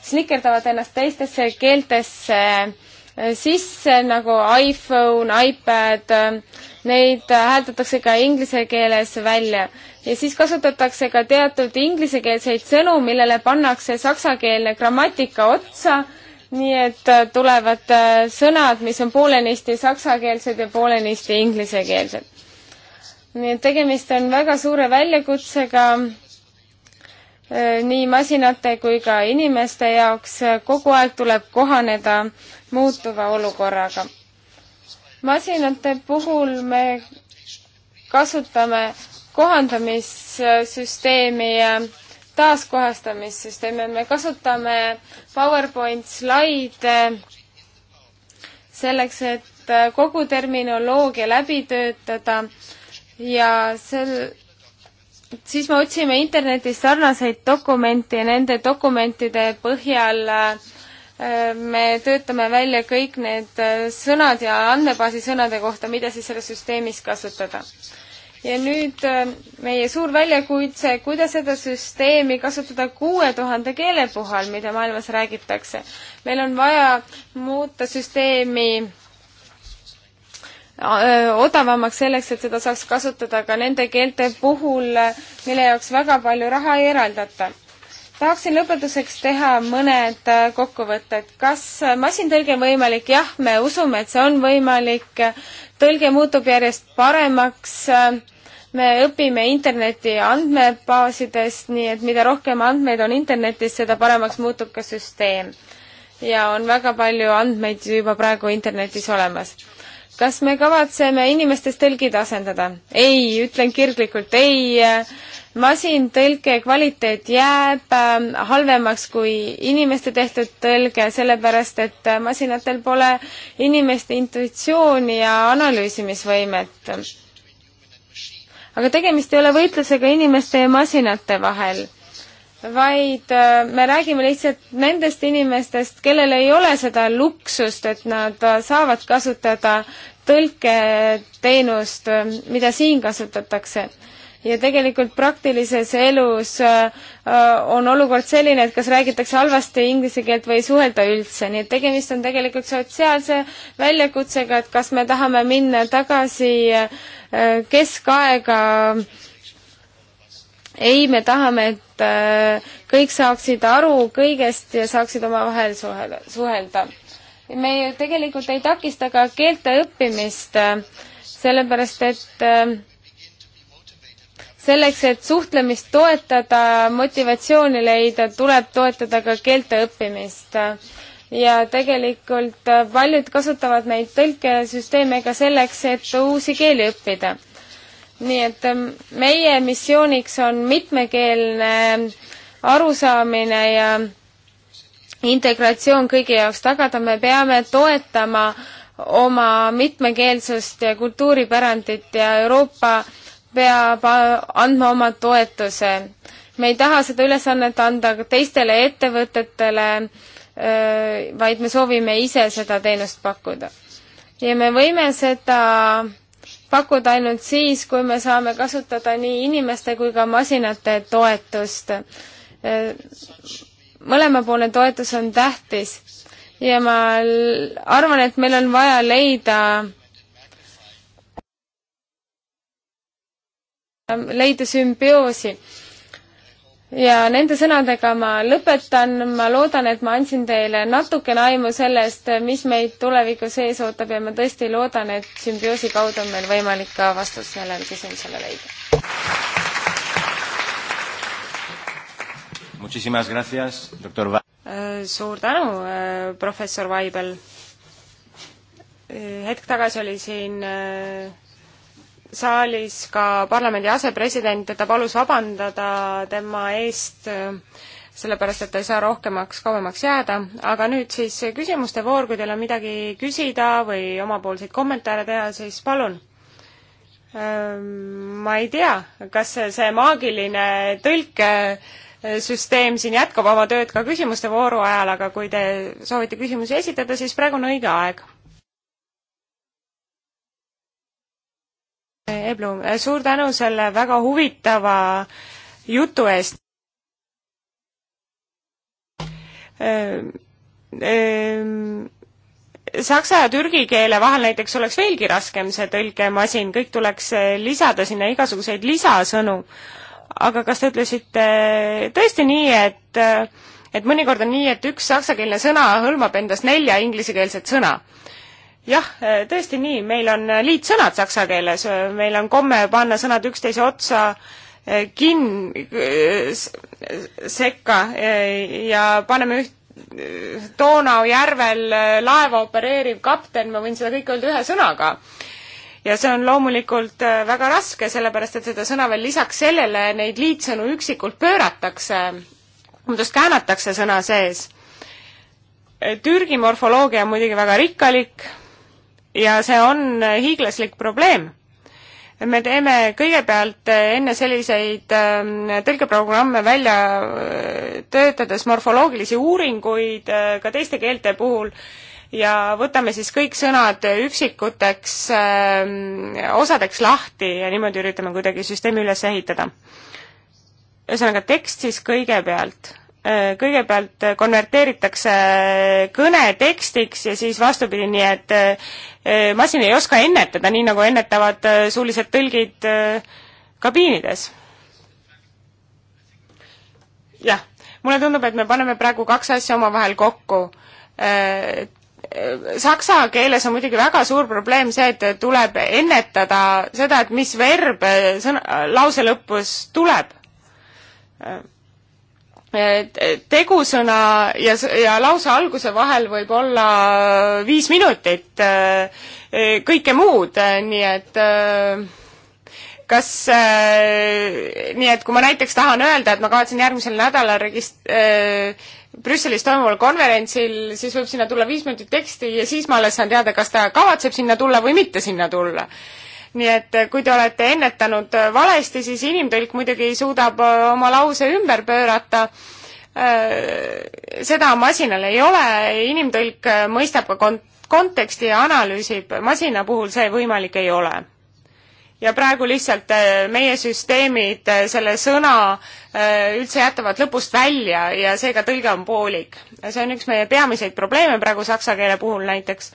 slikerdavad ennast teistesse keeltesse äh, Eh, sisse nagu iPhone, iPad, eh, neid hääldatakse ka inglise keeles välja. ja siis kasutatakse ka teatud inglisekeelseid sõnu, millele pannakse saksakeelne grammatika otsa, nii et eh, tulevad sõnad, mis on poolenisti saksakeelsed ja poolenisti inglisekeelsed. nii et tegemist on väga suure väljakutsega nii masinate kui ka inimeste jaoks kogu aeg tuleb kohaneda muutuva olukorraga. masinate puhul me kasutame kohandamissüsteemi ja taaskohastamissüsteemi, me kasutame PowerPoint slaide selleks, et kogu terminoloogia läbi töötada ja sel, siis me otsime internetis sarnaseid dokumente ja nende dokumentide põhjal äh, me töötame välja kõik need äh, sõnad ja andmebaasi sõnade kohta, mida siis selles süsteemis kasutada. ja nüüd äh, meie suur väljakutse, kuidas seda süsteemi kasutada kuue tuhande keele puhul, mida maailmas räägitakse. meil on vaja muuta süsteemi äh, odavamaks selleks, et seda saaks kasutada ka nende keelte puhul, mille jaoks väga palju raha ei eraldata tahaksin lõpetuseks teha mõned äh, kokkuvõtted. kas äh, masintõlge on võimalik? jah, me usume, et see on võimalik. tõlge muutub järjest paremaks. me õpime interneti andmebaasidest, nii et mida rohkem andmeid on internetis, seda paremaks muutub ka süsteem. ja on väga palju andmeid juba praegu internetis olemas. kas me kavatseme inimestes tõlgid asendada? ei, ütlen kirglikult ei masintõlke kvaliteet jääb ähm, halvemaks kui inimeste tehtud tõlge, sellepärast et äh, masinatel pole inimeste intuitsiooni ja analüüsimisvõimet. aga tegemist ei ole võitlusega inimeste ja masinate vahel, vaid äh, me räägime lihtsalt nendest inimestest, kellel ei ole seda luksust, et nad äh, saavad kasutada tõlketeenust, mida siin kasutatakse ja tegelikult praktilises elus äh, on olukord selline, et kas räägitakse halvasti inglise keelt või ei suhelda üldse, nii et tegemist on tegelikult sotsiaalse väljakutsega, et kas me tahame minna tagasi äh, keskaega ei, me tahame, et äh, kõik saaksid aru kõigest ja saaksid omavahel suhelda. me ju tegelikult ei takista ka keelte õppimist, sellepärast et selleks, et suhtlemist toetada, motivatsiooni leida, tuleb toetada ka keelte õppimist. ja tegelikult paljud kasutavad neid tõlkesüsteeme ka selleks, et uusi keeli õppida. nii et ähm, meie missiooniks on mitmekeelne arusaamine ja integratsioon kõigi jaoks tagada, me peame toetama oma mitmekeelsust ja kultuuripärandit ja Euroopa peab äh, andma oma toetuse. me ei taha seda ülesannet anda ka teistele ettevõtetele, äh, vaid me soovime ise seda teenust pakkuda. ja me võime seda pakkuda ainult siis, kui me saame kasutada nii inimeste kui ka masinate toetust. Äh, mõlemapoolne toetus on tähtis ja ma arvan, et meil on vaja leida Ähm, leida sümbioosi. ja nende sõnadega ma lõpetan, ma loodan, et ma andsin teile natukene aimu sellest, mis meid tulevikus ees ootab ja ma tõesti loodan, et sümbioosi kaudu on meil võimalik ka vastus sellele küsimusele leida. Muchísimas gracias, doctor Va- äh, suur tänu, äh, professor Vaibel. Äh, hetk tagasi oli siin saalis ka parlamendi asepresident, ta palus vabandada tema eest, sellepärast et ta ei saa rohkemaks, kauemaks jääda, aga nüüd siis küsimuste voor, kui teil on midagi küsida või omapoolseid kommentaare teha, siis palun. Ma ei tea, kas see maagiline tõlkesüsteem siin jätkab oma tööd ka küsimuste vooru ajal, aga kui te soovite küsimusi esitada, siis praegu on õige aeg Eh, Eblu, eh, suur tänu selle väga huvitava jutu eest. Eh, saksa ja türgi keele vahel näiteks oleks veelgi raskem see tõlkemasin, kõik tuleks lisada sinna igasuguseid lisasõnu. aga kas te ütlesite tõesti nii, et, et mõnikord on nii, et üks saksakeelne sõna hõlmab endas nelja inglisekeelset sõna? jah, eh, tõesti nii, meil on eh, liitsõnad saksa keeles, eh, meil on komme panna sõnad üksteise otsa kin-, sekka ja paneme üht-, Donau järvel laeva opereeriv kapten, ma võin seda kõike öelda ühe sõnaga. ja see on loomulikult väga raske, sellepärast et seda sõna veel lisaks sellele neid liitsõnu üksikult pööratakse, vabandust, käänatakse sõna sees. Türgi morfoloogia on muidugi väga rikkalik ja see on hiiglaslik probleem. me teeme kõigepealt enne selliseid ähm, tõlkeprogramme välja äh, töötades morfoloogilisi uuringuid äh, ka teiste keelte puhul ja võtame siis kõik sõnad üksikuteks ähm, osadeks lahti ja niimoodi üritame kuidagi süsteemi üles ehitada. ühesõnaga tekst siis kõigepealt Äh, kõigepealt äh, konverteeritakse äh, kõne tekstiks ja siis vastupidi, nii et masin ei oska ennetada, nii nagu ennetavad suulised tõlgid kabiinides. jah, mulle tundub, et me paneme praegu kaks asja omavahel kokku. Saksa keeles on muidugi väga suur probleem see, et tuleb ennetada seda, et mis verb sõna, lause lõpus tuleb tegusõna ja, ja lause alguse vahel võib olla viis minutit äh, äh, kõike muud, äh, nii et kas, nii et kui ma näiteks tahan öelda, et ma kavatsen järgmisel nädalal regist-, Brüsselis toimuval konverentsil, siis võib sinna tulla viis minutit teksti ja siis ma alles saan teada, kas ta kavatseb sinna tulla või mitte sinna tulla nii et eh, kui te olete ennetanud eh, valesti, siis inimtõlk muidugi suudab eh, oma lause ümber pöörata. seda masinal ei ole, inimtõlk mõistab ka kont-, konteksti ja analüüsib, masina puhul see võimalik ei ole. ja praegu lihtsalt meie süsteemid selle sõna üldse jätavad lõpust välja ja seega tõlge on poolik. see on üks meie peamiseid probleeme praegu saksa keele puhul näiteks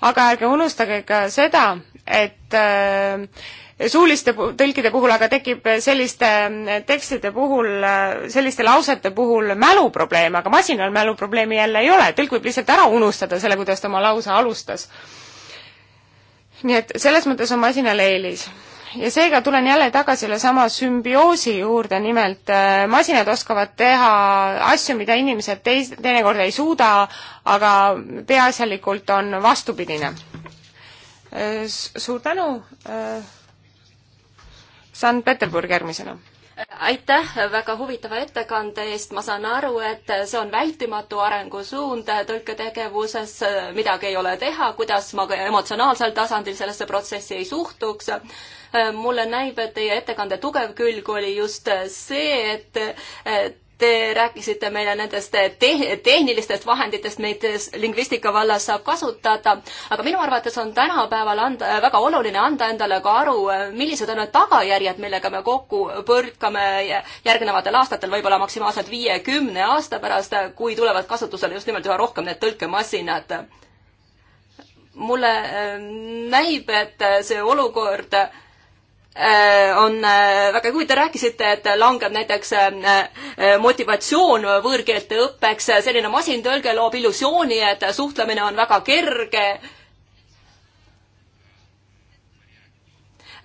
aga ärge unustage ka seda, et äh, suuliste tõlkide puhul aga tekib selliste äh, tekstide puhul, äh, selliste lausete puhul mäluprobleem, aga masinal mäluprobleemi jälle ei ole, tõlk võib lihtsalt ära unustada selle, kuidas ta oma lause alustas. nii et selles mõttes on masinal eelis ja seega tulen jälle tagasi selle sama sümbioosi juurde, nimelt äh, masinad oskavad teha asju, mida inimesed teis-, teinekord ei suuda, aga peaasjalikult on vastupidine. Äh, suur tänu, äh, Sankt Peterburg järgmisena aitäh väga huvitava ettekande eest, ma saan aru, et see on vältimatu arengusuund tõlketegevuses, midagi ei ole teha, kuidas ma emotsionaalsel tasandil sellesse protsessi ei suhtuks. mulle näib, et teie ettekande tugev külg oli just see, et Te rääkisite meile nendest te tehnilistest vahenditest, meid lingvistika vallas saab kasutada, aga minu arvates on tänapäeval anda, väga oluline anda endale ka aru, millised on need tagajärjed, millega me kokku põrkame järgnevatel aastatel, võib-olla maksimaalselt viiekümne aasta pärast, kui tulevad kasutusele just nimelt üha rohkem need tõlkemasinad mulle äh, näib, et see olukord äh, Äh, on äh, väga huvitav, te rääkisite, et langeb näiteks äh, motivatsioon võõrkeelte õppeks, selline masintõlge loob illusiooni, et suhtlemine on väga kerge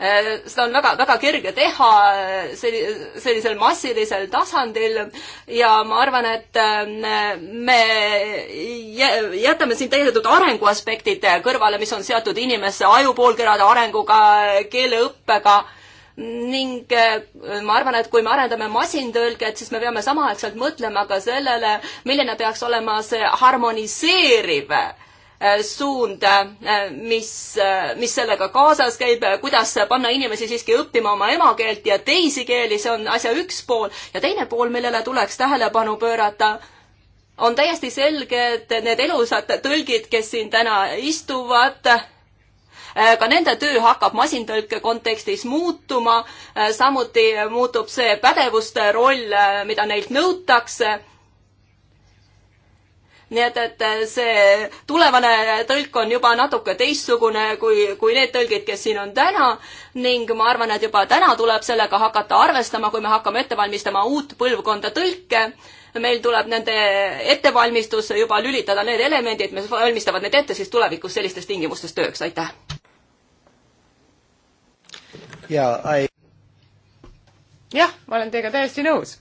Äh, seda on väga, väga kerge teha äh, sellisel massilisel tasandil ja ma arvan, et äh, me jätame siin täidetud arenguaspektid kõrvale, mis on seotud inimese ajupoolkerade arenguga, keeleõppega ning ma arvan, et kui me arendame masintõlget, siis me peame samaaegselt mõtlema ka sellele, milline peaks olema see harmoniseeriv äh, Äh, suund, äh, mis, äh, mis sellega kaasas käib, kuidas panna inimesi siiski õppima oma emakeelt ja teisi keeli, see on asja üks pool ja teine pool, millele tuleks tähelepanu pöörata on täiesti selge, et need elusad tõlgid, kes siin täna istuvad, ka nende töö hakkab masintõlke kontekstis muutuma, samuti muutub see pädevuste roll, mida neilt nõutakse nii et, et see tulevane tõlk on juba natuke teistsugune kui, kui need tõlgid, kes siin on täna ning ma arvan, et juba täna tuleb sellega hakata arvestama, kui me hakkame ette valmistama uut põlvkonda tõlke. meil tuleb nende ettevalmistusse juba lülitada need elemendid, mis valmistavad need ette siis tulevikus sellistes tingimustes tööks, aitäh! jaa, ai- jah, ma olen teiega täiesti nõus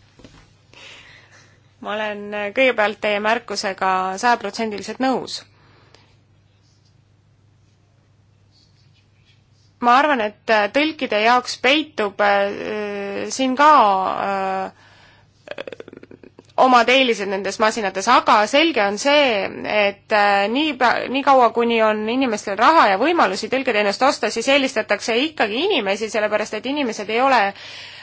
ma olen kõigepealt teie märkusega sajaprotsendiliselt nõus. ma arvan, et tõlkide jaoks peitub äh, siin ka äh, omad eelised nendes masinates, aga selge on see, et äh, nii, nii kaua, kuni on inimestel raha ja võimalusi tõlketeenust osta, siis eelistatakse ikkagi inimesi, sellepärast et inimesed ei ole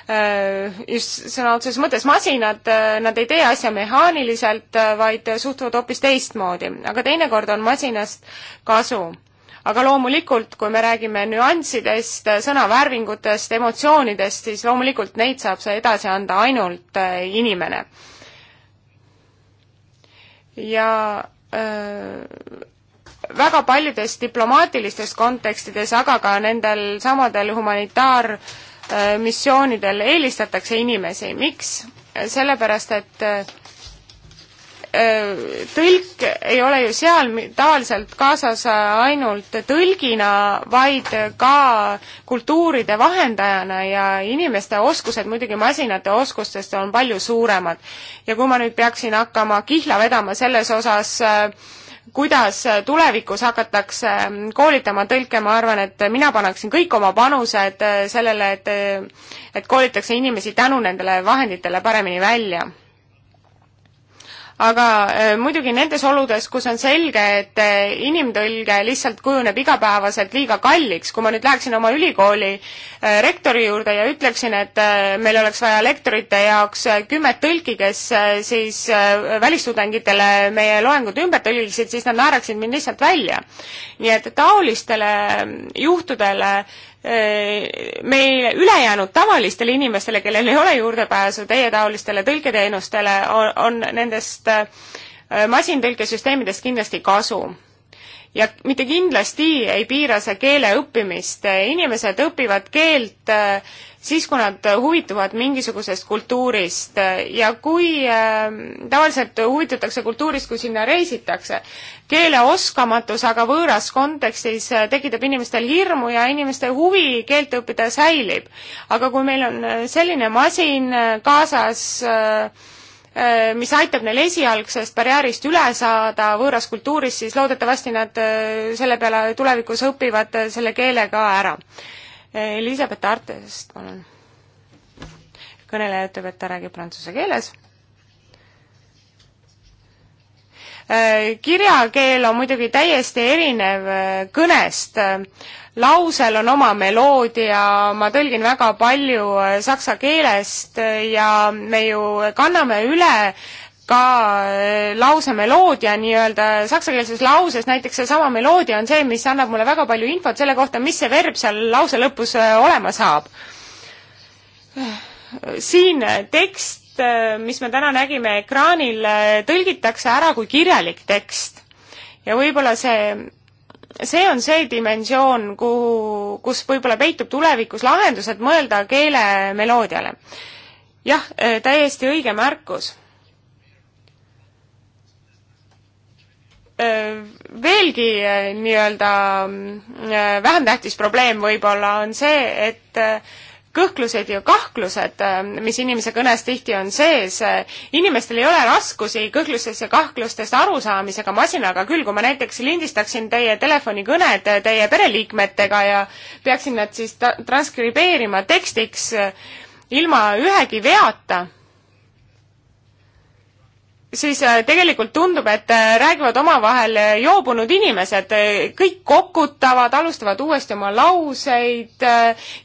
Äh, just sõna otseses mõttes masinad, äh, nad ei tee asja mehaaniliselt, äh, vaid suhtuvad hoopis teistmoodi, aga teinekord on masinast kasu aga loomulikult, kui me räägime nüanssidest, sõnavärvingutest, emotsioonidest, siis loomulikult neid saab see edasi anda ainult inimene. ja öö, väga paljudes diplomaatilistes kontekstides, aga ka nendel samadel humanitaar öö, Äh, missioonidel eelistatakse inimesi, miks? sellepärast, et äh, tõlk ei ole ju seal tavaliselt kaasas ainult tõlgina, vaid ka kultuuride vahendajana ja inimeste oskused muidugi masinate oskustest on palju suuremad. ja kui ma nüüd peaksin hakkama kihla vedama selles osas äh, kuidas tulevikus hakatakse koolitama tõlke, ma arvan, et mina paneksin kõik oma panused sellele, et et koolitakse inimesi tänu nendele vahenditele paremini välja aga äh, muidugi nendes oludes, kus on selge, et äh, inimtõlge lihtsalt kujuneb igapäevaselt liiga kalliks, kui ma nüüd läheksin oma ülikooli äh, rektori juurde ja ütleksin, et meil oleks vaja lektorite jaoks kümmet tõlki, kes siis välistudengitele meie loengud ümber tõlgiksid, siis nad naeraksid mind lihtsalt välja. nii et taolistele juhtudele Äh, meil ülejäänud tavalistele inimestele, kellel ei ole juurdepääsu teietaolistele tõlketeenustele, on nendest äh, masintõlkesüsteemidest kindlasti kasu ja mitte kindlasti ei piira see keele õppimist. inimesed õpivad keelt äh, siis, kui nad huvituvad mingisugusest kultuurist ja kui äh, tavaliselt huvitatakse kultuurist, kui sinna reisitakse, keele oskamatus aga võõras kontekstis äh, tekitab inimestel hirmu ja inimeste huvi keelt õppida säilib. aga kui meil on äh, selline masin äh, kaasas äh, mis aitab neil esialgsest barjäärist üle saada võõras kultuuris, siis loodetavasti nad selle peale tulevikus õpivad selle keele ka ära. Elizabeth Artest, palun. kõneleja ütleb, et ta räägib prantsuse keeles. Äh, kirjakeel on muidugi täiesti erinev äh, kõnest. lausel on oma meloodia, ma tõlgin väga palju äh, saksa keelest ja me ju kanname üle ka äh, lause meloodia nii-öelda saksakeelses lauses, näiteks seesama meloodia on see, mis annab mulle väga palju infot selle kohta, mis see verb seal lause lõpus äh, olema saab. siin äh, tekst, mis me täna nägime ekraanil, tõlgitakse ära kui kirjalik tekst. ja võib-olla see, see on see dimensioon, kuhu, kus võib-olla peitub tulevikus lahendus, et mõelda keele meloodiale. jah, täiesti õige märkus Äh, veelgi äh, nii-öelda mm, äh, vähem tähtis probleem võib-olla on see, et kõhklused ja kahklused, mis inimese kõnes tihti on sees, inimestel ei ole raskusi kõhklustest ja kahklustest arusaamisega masinaga küll, kui ma näiteks lindistaksin teie telefonikõned teie pereliikmetega ja peaksin nad siis transkribeerima tekstiks ilma ühegi veata siis äh, tegelikult tundub, et äh, räägivad omavahel äh, joobunud inimesed, kõik kokutavad, alustavad uuesti oma lauseid,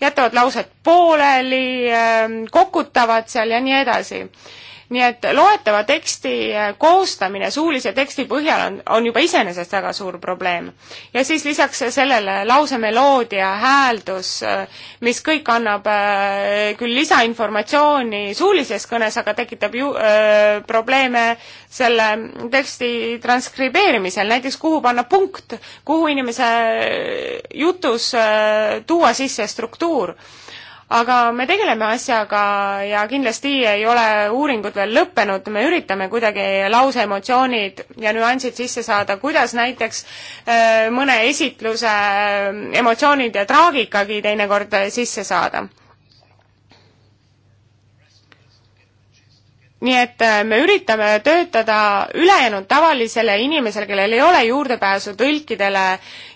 jätavad laused pooleli, kokutavad seal ja nii edasi nii et loetava teksti äh, koostamine suulise teksti põhjal on, on juba iseenesest väga suur probleem. ja siis lisaks sellele lause meloodia, hääldus, äh, mis kõik annab äh, küll lisainformatsiooni suulises kõnes, aga tekitab ju öö, probleeme selle teksti transkribeerimisel, näiteks kuhu panna punkt, kuhu inimese jutus öö, tuua sisse struktuur aga me tegeleme asjaga ja kindlasti ei ole uuringud veel lõppenud, me üritame kuidagi lause emotsioonid ja nüansid sisse saada, kuidas näiteks äh, mõne esitluse äh, emotsioonid ja traagikagi teinekord äh, sisse saada. nii et me üritame töötada ülejäänud tavalisele inimesele, kellel ei ole juurdepääsu tõlkidele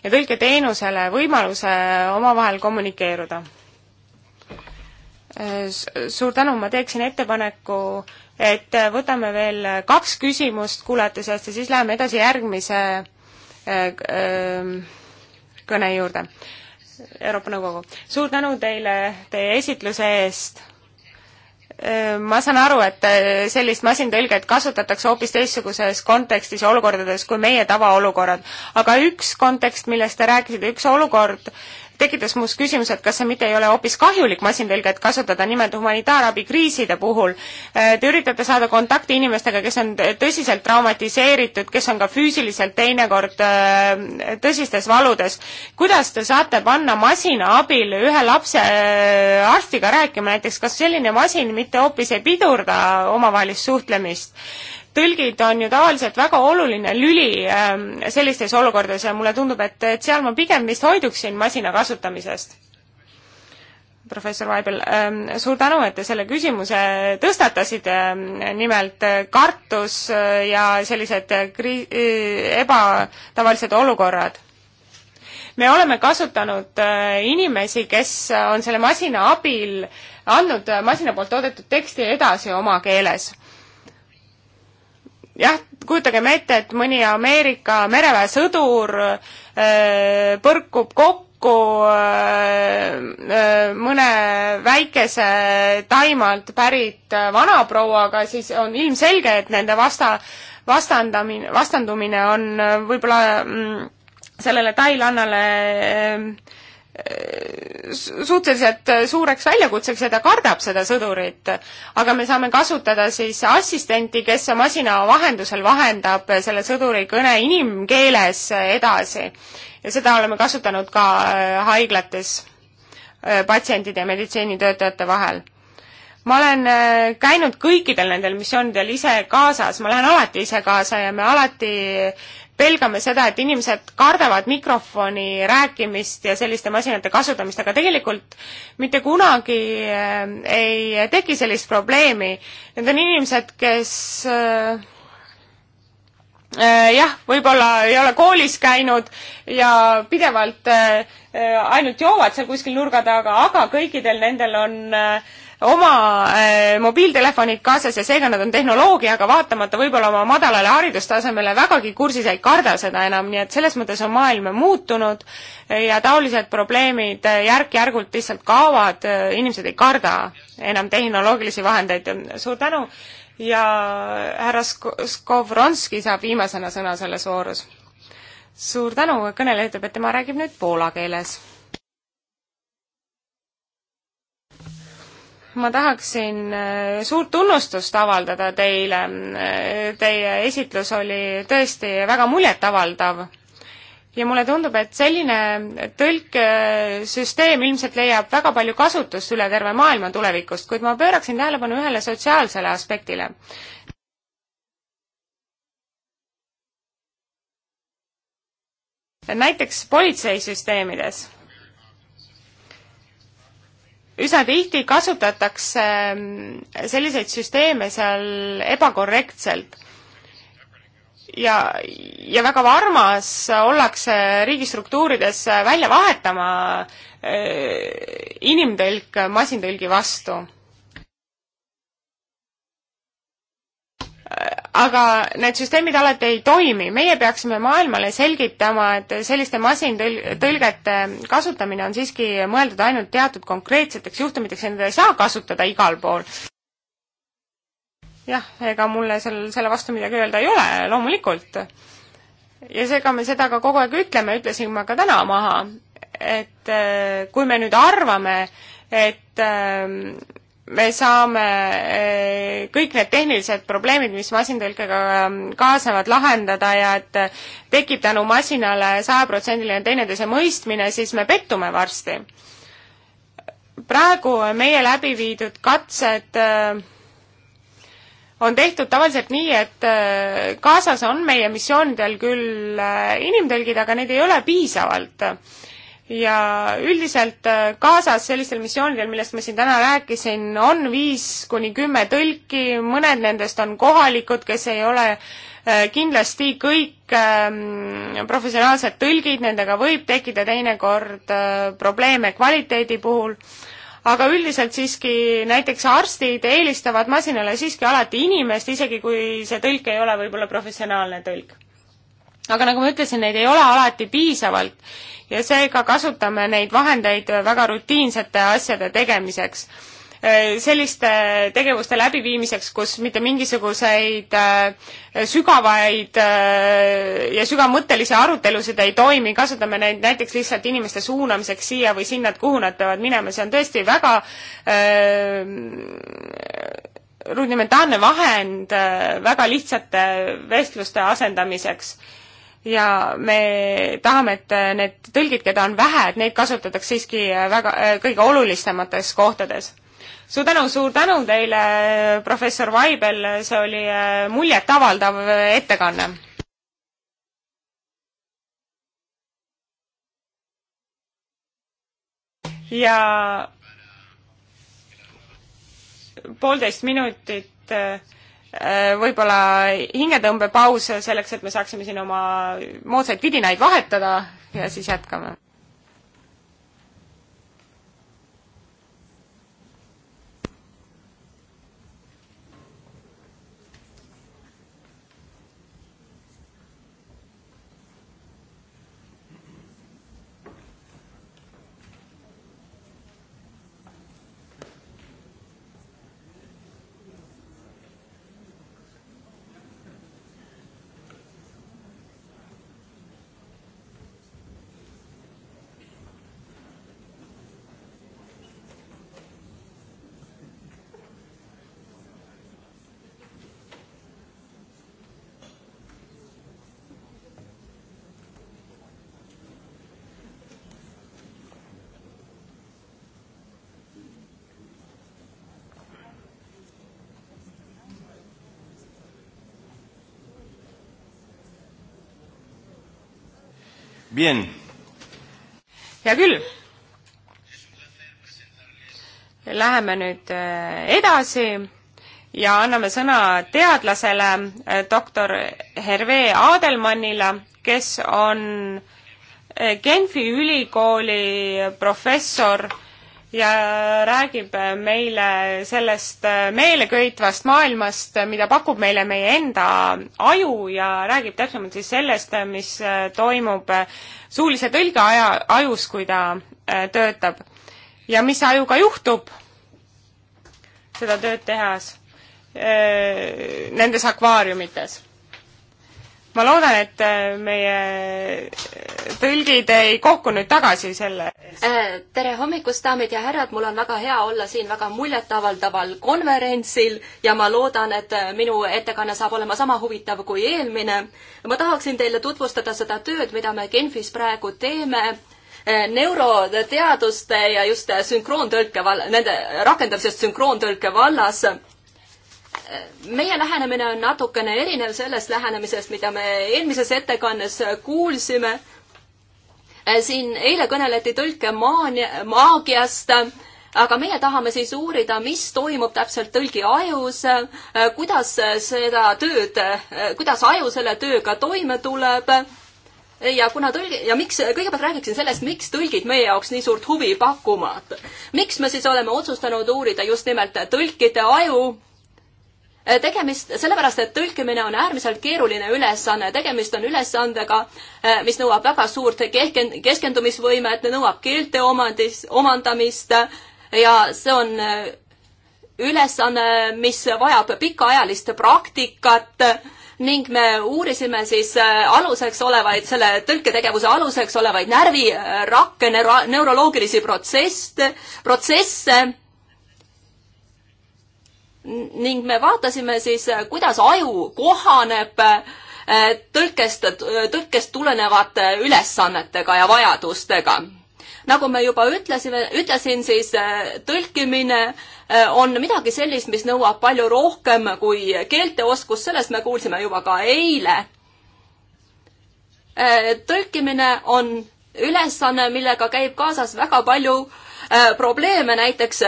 ja tõlketeenusele, võimaluse omavahel kommunikeeruda suur tänu, ma teeksin ettepaneku, et võtame veel kaks küsimust kuulajate seast ja siis läheme edasi järgmise äh, ähm, kõne juurde. Euroopa Nõukogu. suur tänu teile teie esitluse eest äh, ma saan aru, et äh, sellist masintõlget kasutatakse hoopis teistsuguses kontekstis ja olukordades kui meie tavaolukorrad. aga üks kontekst, millest te rääkisite, üks olukord, tekitas muus küsimus, et kas see mitte ei ole hoopis kahjulik masintõlget kasutada nimelt humanitaarabi kriiside puhul. Äh, te üritate saada kontakti inimestega, kes on tõsiselt traumatiseeritud, kes on ka füüsiliselt teinekord äh, tõsistes valudes. kuidas te saate panna masina abil ühe lapse äh, arstiga rääkima näiteks, kas selline masin mitte hoopis ei pidurda omavahelist suhtlemist? tõlgid on ju tavaliselt väga oluline lüli ähm, sellistes olukordades ja mulle tundub, et, et seal ma pigem vist hoiduksin masina kasutamisest. professor Vaibel, ähm, suur tänu, et te selle küsimuse tõstatasite, ähm, nimelt äh, kartus äh, ja sellised äh, kri-, ebatavalised olukorrad me oleme kasutanud inimesi, kes on selle masina abil andnud masina poolt toodetud teksti edasi oma keeles jah, kujutagem ette, et mõni Ameerika mereväesõdur äh, põrkub kokku äh, äh, mõne väikese Taimalt pärit vanaprouaga, siis on ilmselge, et nende vasta, vastandamine, vastandumine on võib-olla mm, sellele tailannale äh, suhteliselt suureks väljakutseks ja ta kardab seda sõdurit, aga me saame kasutada siis assistenti, kes masina vahendusel vahendab selle sõduri kõne inimkeeles edasi. ja seda oleme kasutanud ka äh, haiglates äh, patsientide ja meditsiinitöötajate vahel. ma olen äh, käinud kõikidel nendel missioonidel ise kaasas, ma lähen alati ise kaasa ja me alati pelgame seda, et inimesed kardavad mikrofoni rääkimist ja selliste masinate kasutamist, aga tegelikult mitte kunagi äh, ei teki sellist probleemi. Need on inimesed, kes äh, äh, jah, võib-olla ei ole koolis käinud ja pidevalt ainult joovad seal kuskil nurga taga, aga kõikidel nendel on äh, oma äh, mobiiltelefonid kaasas ja seega nad on tehnoloogiaga vaatamata võib-olla oma madalale haridustasemele vägagi kursis, ei karda seda enam, nii et selles mõttes on maailm muutunud ja taolised probleemid äh, järk-järgult lihtsalt kaovad, äh, inimesed ei karda enam tehnoloogilisi vahendeid. suur tänu ja härra Sk-, Skovronski saab viimasena sõna selles voorus. suur tänu, kõneleja ütleb, et tema räägib nüüd poola keeles ma tahaksin äh, suurt tunnustust avaldada teile. Äh, teie esitlus oli tõesti väga muljetavaldav. ja mulle tundub, et selline tõlkesüsteem ilmselt leiab väga palju kasutust üle terve maailma tulevikust, kuid ma pööraksin tähelepanu ühele sotsiaalsele aspektile. näiteks politseisüsteemides üsna tihti kasutatakse ähm, selliseid süsteeme seal ebakorrektselt ja, ja väga varmas ollakse riigistruktuurides välja vahetama äh, inimtõlk masintõlgi vastu. aga need süsteemid alati ei toimi, meie peaksime maailmale selgitama, et selliste masintõlgete kasutamine on siiski mõeldud ainult teatud konkreetseteks juhtumiteks ja neid ei saa kasutada igal pool. jah, ega mulle sel, selle vastu midagi öelda ei ole, loomulikult. ja seega me seda ka kogu aeg ütleme, ütlesin ma ka täna maha, et eh, kui me nüüd arvame, et äh, me saame eh, kõik need tehnilised probleemid, mis masintõlkega ähm, kaasnevad, lahendada ja et äh, tekib tänu masinale sajaprotsendiline teineteise mõistmine, siis me pettume varsti. praegu meie läbi viidud katsed äh, on tehtud tavaliselt nii, et äh, kaasas on meie missioonidel küll inimtõlgid, aga neid ei ole piisavalt ja üldiselt äh, kaasas sellistel missioonidel, millest ma siin täna rääkisin, on viis kuni kümme tõlki, mõned nendest on kohalikud, kes ei ole äh, kindlasti kõik ähm, professionaalsed tõlgid, nendega võib tekkida teinekord äh, probleeme kvaliteedi puhul, aga üldiselt siiski näiteks arstid eelistavad masinale siiski alati inimest, isegi kui see tõlk ei ole võib-olla professionaalne tõlk. aga nagu ma ütlesin, neid ei ole alati piisavalt ja seega kasutame neid vahendeid väga rutiinsete asjade tegemiseks äh, selliste tegevuste läbiviimiseks, kus mitte mingisuguseid äh, sügavaid äh, ja sügavmõttelisi arutelusid ei toimi, kasutame neid näiteks lihtsalt inimeste suunamiseks siia või sinna, et kuhu nad peavad minema, see on tõesti väga äh, rudimentaarne vahend väga lihtsate vestluste asendamiseks ja me tahame, et need tõlgid, keda on vähe, et neid kasutatakse siiski äh, väga, äh, kõige olulisemates kohtades. suur tänu, suur tänu teile, äh, professor Vaibel, see oli muljetavaldav ettekanne. ja poolteist minutit Äh, võib-olla hingetõmbepaus selleks, et me saaksime siin oma moodsaid vidinaid vahetada ja siis jätkame. Bien. hea küll. Läheme nüüd äh, edasi ja anname sõna teadlasele, äh, doktor Herve Adelmannile, kes on äh, Genfi ülikooli professor ja räägib meile sellest meeleköitvast maailmast, mida pakub meile meie enda aju ja räägib täpsemalt siis sellest, mis toimub suulise tõlge aja, ajus, kui ta äh, töötab. ja mis ajuga juhtub seda tööd tehas äh, nendes akvaariumites ma loodan, et äh, meie tõlgid ei kohku nüüd tagasi selle äh, tere hommikust, daamid ja härrad, mul on väga hea olla siin väga muljetavaldaval konverentsil ja ma loodan, et äh, minu ettekanne saab olema sama huvitav kui eelmine. ma tahaksin teile tutvustada seda tööd, mida me Genfis praegu teeme neuroteaduste ja just sünkroontõlke val-, nende rakendamisest sünkroontõlke vallas meie lähenemine on natukene erinev sellest lähenemisest, mida me eelmises ettekannes kuulsime. siin eile kõneleti tõlke maania, maagiast, aga meie tahame siis uurida, mis toimub täpselt tõlgi ajus, kuidas seda tööd, kuidas aju selle tööga toime tuleb ja kuna tõlgi- ja miks, kõigepealt räägiksin sellest, miks tõlgid meie jaoks nii suurt huvi pakuvad. miks me siis oleme otsustanud uurida just nimelt tõlkide aju Äh, tegemist, sellepärast et tõlkimine on äärmiselt keeruline ülesanne, tegemist on ülesandega, äh, mis nõuab väga suurt kehken-, keskendumisvõimet, nõuab keelte omandis, omandamist äh, ja see on ülesanne, mis vajab pikaajalist praktikat ning me uurisime siis aluseks olevaid, selle tõlketegevuse aluseks olevaid närvirakke, neuroloogilisi protsesse, protsesse ning me vaatasime siis, kuidas aju kohaneb eh, tõlkest, tõlkest tulenevate ülesannetega ja vajadustega nagu me juba ütlesime, ütlesin, siis eh, tõlkimine eh, on midagi sellist, mis nõuab palju rohkem kui keelteoskus, sellest me kuulsime juba ka eile. tõlkimine on ülesanne, millega käib kaasas väga palju probleeme, näiteks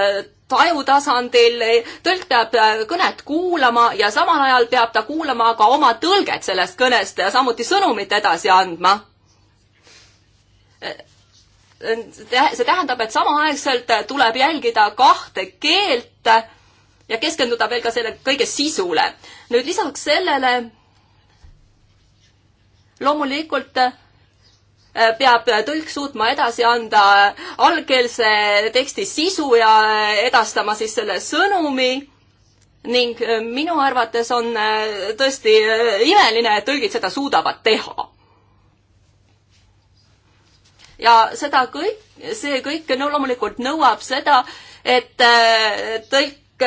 tajutasandil, tõlk peab äh, kõnet kuulama ja samal ajal peab ta kuulama ka oma tõlget sellest kõnest ja samuti sõnumit edasi andma. Äh, äh, see tähendab, et samaaegselt tuleb jälgida kahte keelt ja keskenduda veel ka selle kõige sisule. nüüd lisaks sellele loomulikult Äh, peab tõlk suutma edasi anda algkeelse teksti sisu ja äh, edastama siis selle sõnumi ning äh, minu arvates on tõesti imeline, et tõlgid seda suudavad teha. ja seda kõik, see kõik no loomulikult nõuab seda, et tõlk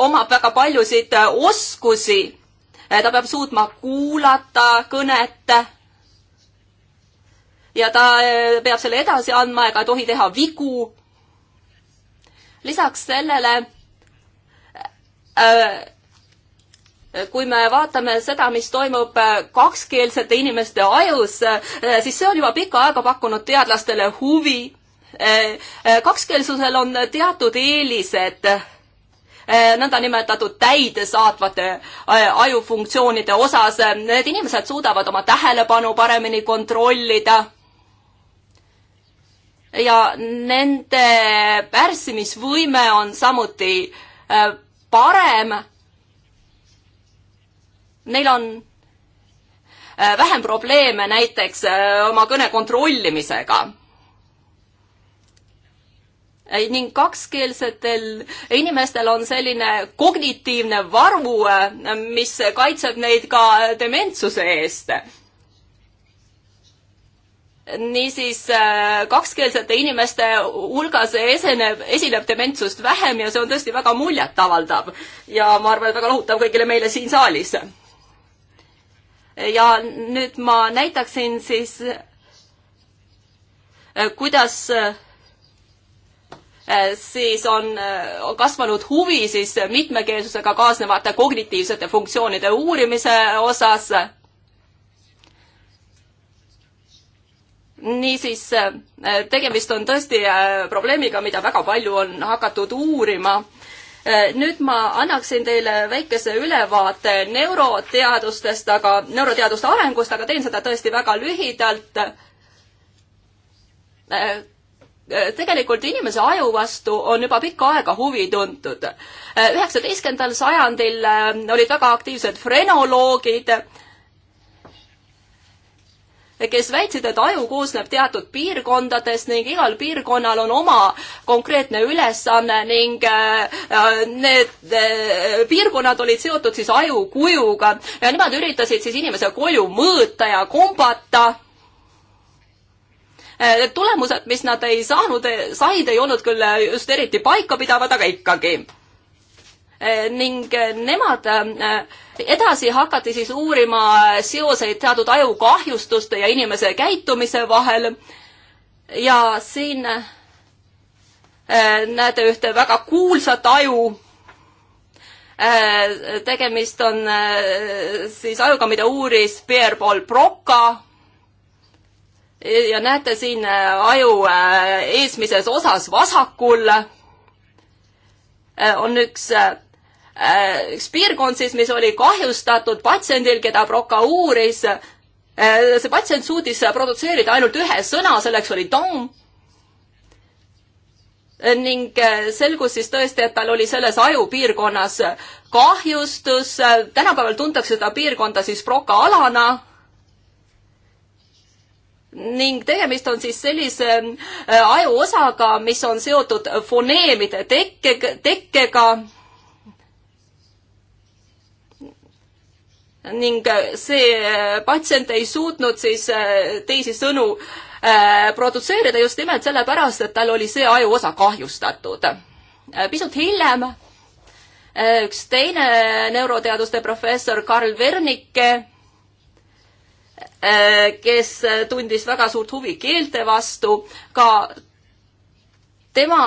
omab väga paljusid oskusi, ta peab suutma kuulata kõnet ja ta eh, peab selle edasi andma ega tohi teha vigu. lisaks sellele äh, äh, kui me vaatame seda, mis toimub äh, kakskeelsete inimeste ajus, siis see on juba pikka aega pakkunud teadlastele huvi. kakskeelsusel on teatud eelised nõndanimetatud täidesaatvate ajufunktsioonide osas. Need inimesed suudavad oma tähelepanu paremini kontrollida ja nende pärssimisvõime on samuti äh, parem. Neil on äh, vähem probleeme näiteks äh, oma kõne kontrollimisega ning kakskeelsetel inimestel on selline kognitiivne varu, mis kaitseb neid ka dementsuse eest niisiis äh, kakskeelsete inimeste hulgas esineb, esineb dementsust vähem ja see on tõesti väga muljetavaldav ja ma arvan, et väga lohutav kõigile meile siin saalis. ja nüüd ma näitaksin siis, äh, kuidas äh, siis on kasvanud huvi siis mitmekeelsusega kaasnevate kognitiivsete funktsioonide uurimise osas niisiis, äh, tegemist on tõesti äh, probleemiga, mida väga palju on hakatud uurima äh, nüüd ma annaksin teile väikese ülevaate neuroteadustest, aga, neuroteaduste arengust, aga teen seda tõesti väga lühidalt. tegelikult inimese aju vastu on juba pikka aega huvi tuntud. üheksateistkümnendal sajandil olid väga aktiivsed frenoloogid kes väitsid, et aju koosneb teatud piirkondadest ning igal piirkonnal on oma konkreetne ülesanne ning äh, äh, need äh, piirkonnad olid seotud siis aju kujuga ja nemad üritasid siis inimese koju mõõta ja kombata Need tulemused, mis nad ei saanud, said, ei olnud küll just eriti paikapidavad, aga ikkagi Eh, ning eh, nemad eh, edasi hakati siis uurima seoseid teatud ajukahjustuste ja inimese käitumise vahel. ja siin näete ühte väga kuulsat aju. tegemist on siis ajuga, mida uuris Pierre-Paul Broca. ja näete siin aju eesmises osas vasakul on üks Äh, üks piirkond siis, mis oli kahjustatud patsiendil, keda Broca uuris. Äh, see patsient suutis produtseerida ainult ühe sõna, selleks oli dom. Äh, ning selgus siis tõesti, et tal oli selles ajupiirkonnas kahjustus. tänapäeval tuntakse seda piirkonda siis Broca alana ning tegemist on siis sellise ajuosaga, mis on seotud foneemide tekke, tekkega ning äh, see äh, patsient ei suutnud siis äh, teisi sõnu produtseerida just nimelt sellepärast, et tal oli see ajuosa kahjustatud. pisut hiljem üks teine neuroteaduste professor Karl Vernike, kes tundis väga suurt huvi keelte vastu, ka tema,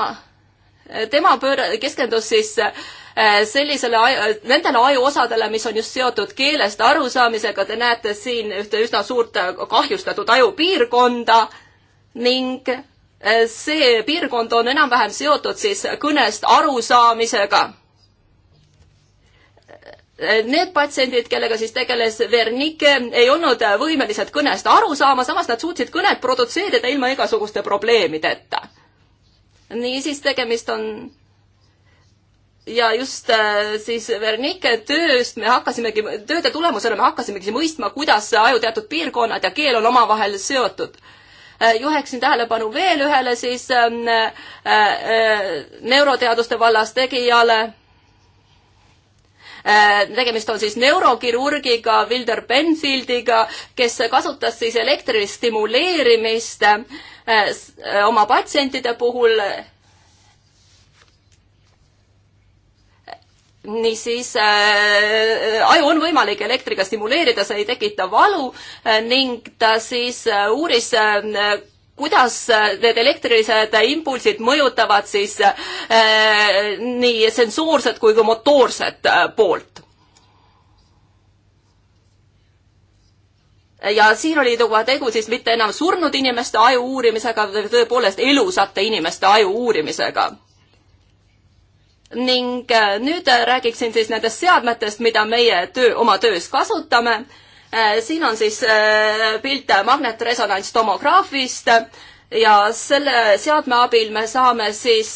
tema pööra-, keskendus siis äh, Äh, sellisele, äh, nendele ajuosadele, mis on just seotud keelest arusaamisega, te näete siin ühte üsna suurt äh, kahjustatud ajupiirkonda ning see piirkond on enam-vähem seotud siis kõnest arusaamisega. Need patsiendid, kellega siis tegeles Vernike, ei olnud võimelised kõnest aru saama, samas nad suutsid kõnet produtseerida ilma igasuguste probleemideta. niisiis, tegemist on ja just äh, siis Vernike tööst me hakkasimegi, tööde tulemusena me hakkasimegi mõistma, kuidas aju teatud piirkonnad ja keel on omavahel seotud. Äh, juheksin tähelepanu veel ühele siis ähm, äh, äh, neuroteaduste vallas tegijale äh,. tegemist on siis neurokirurgiga Wilder Benfieldiga, kes kasutas siis elektrilist stimuleerimist äh, äh oma patsientide puhul niisiis äh, aju on võimalik elektriga stimuleerida, see ei tekita valu äh, ning ta siis äh, uuris äh, kuidas äh, need elektrilised impulsid mõjutavad siis äh, nii sensoorset kui ka motoorset äh, poolt. ja siin oli juba tegu siis mitte enam surnud inimeste aju uurimisega, tõepoolest elusate inimeste aju uurimisega ning äh, nüüd äh, räägiksin siis nendest seadmetest, mida meie töö, oma töös kasutame. Äh, siin on siis pilt magnetresonantstomograafist ja selle seadme abil me saame siis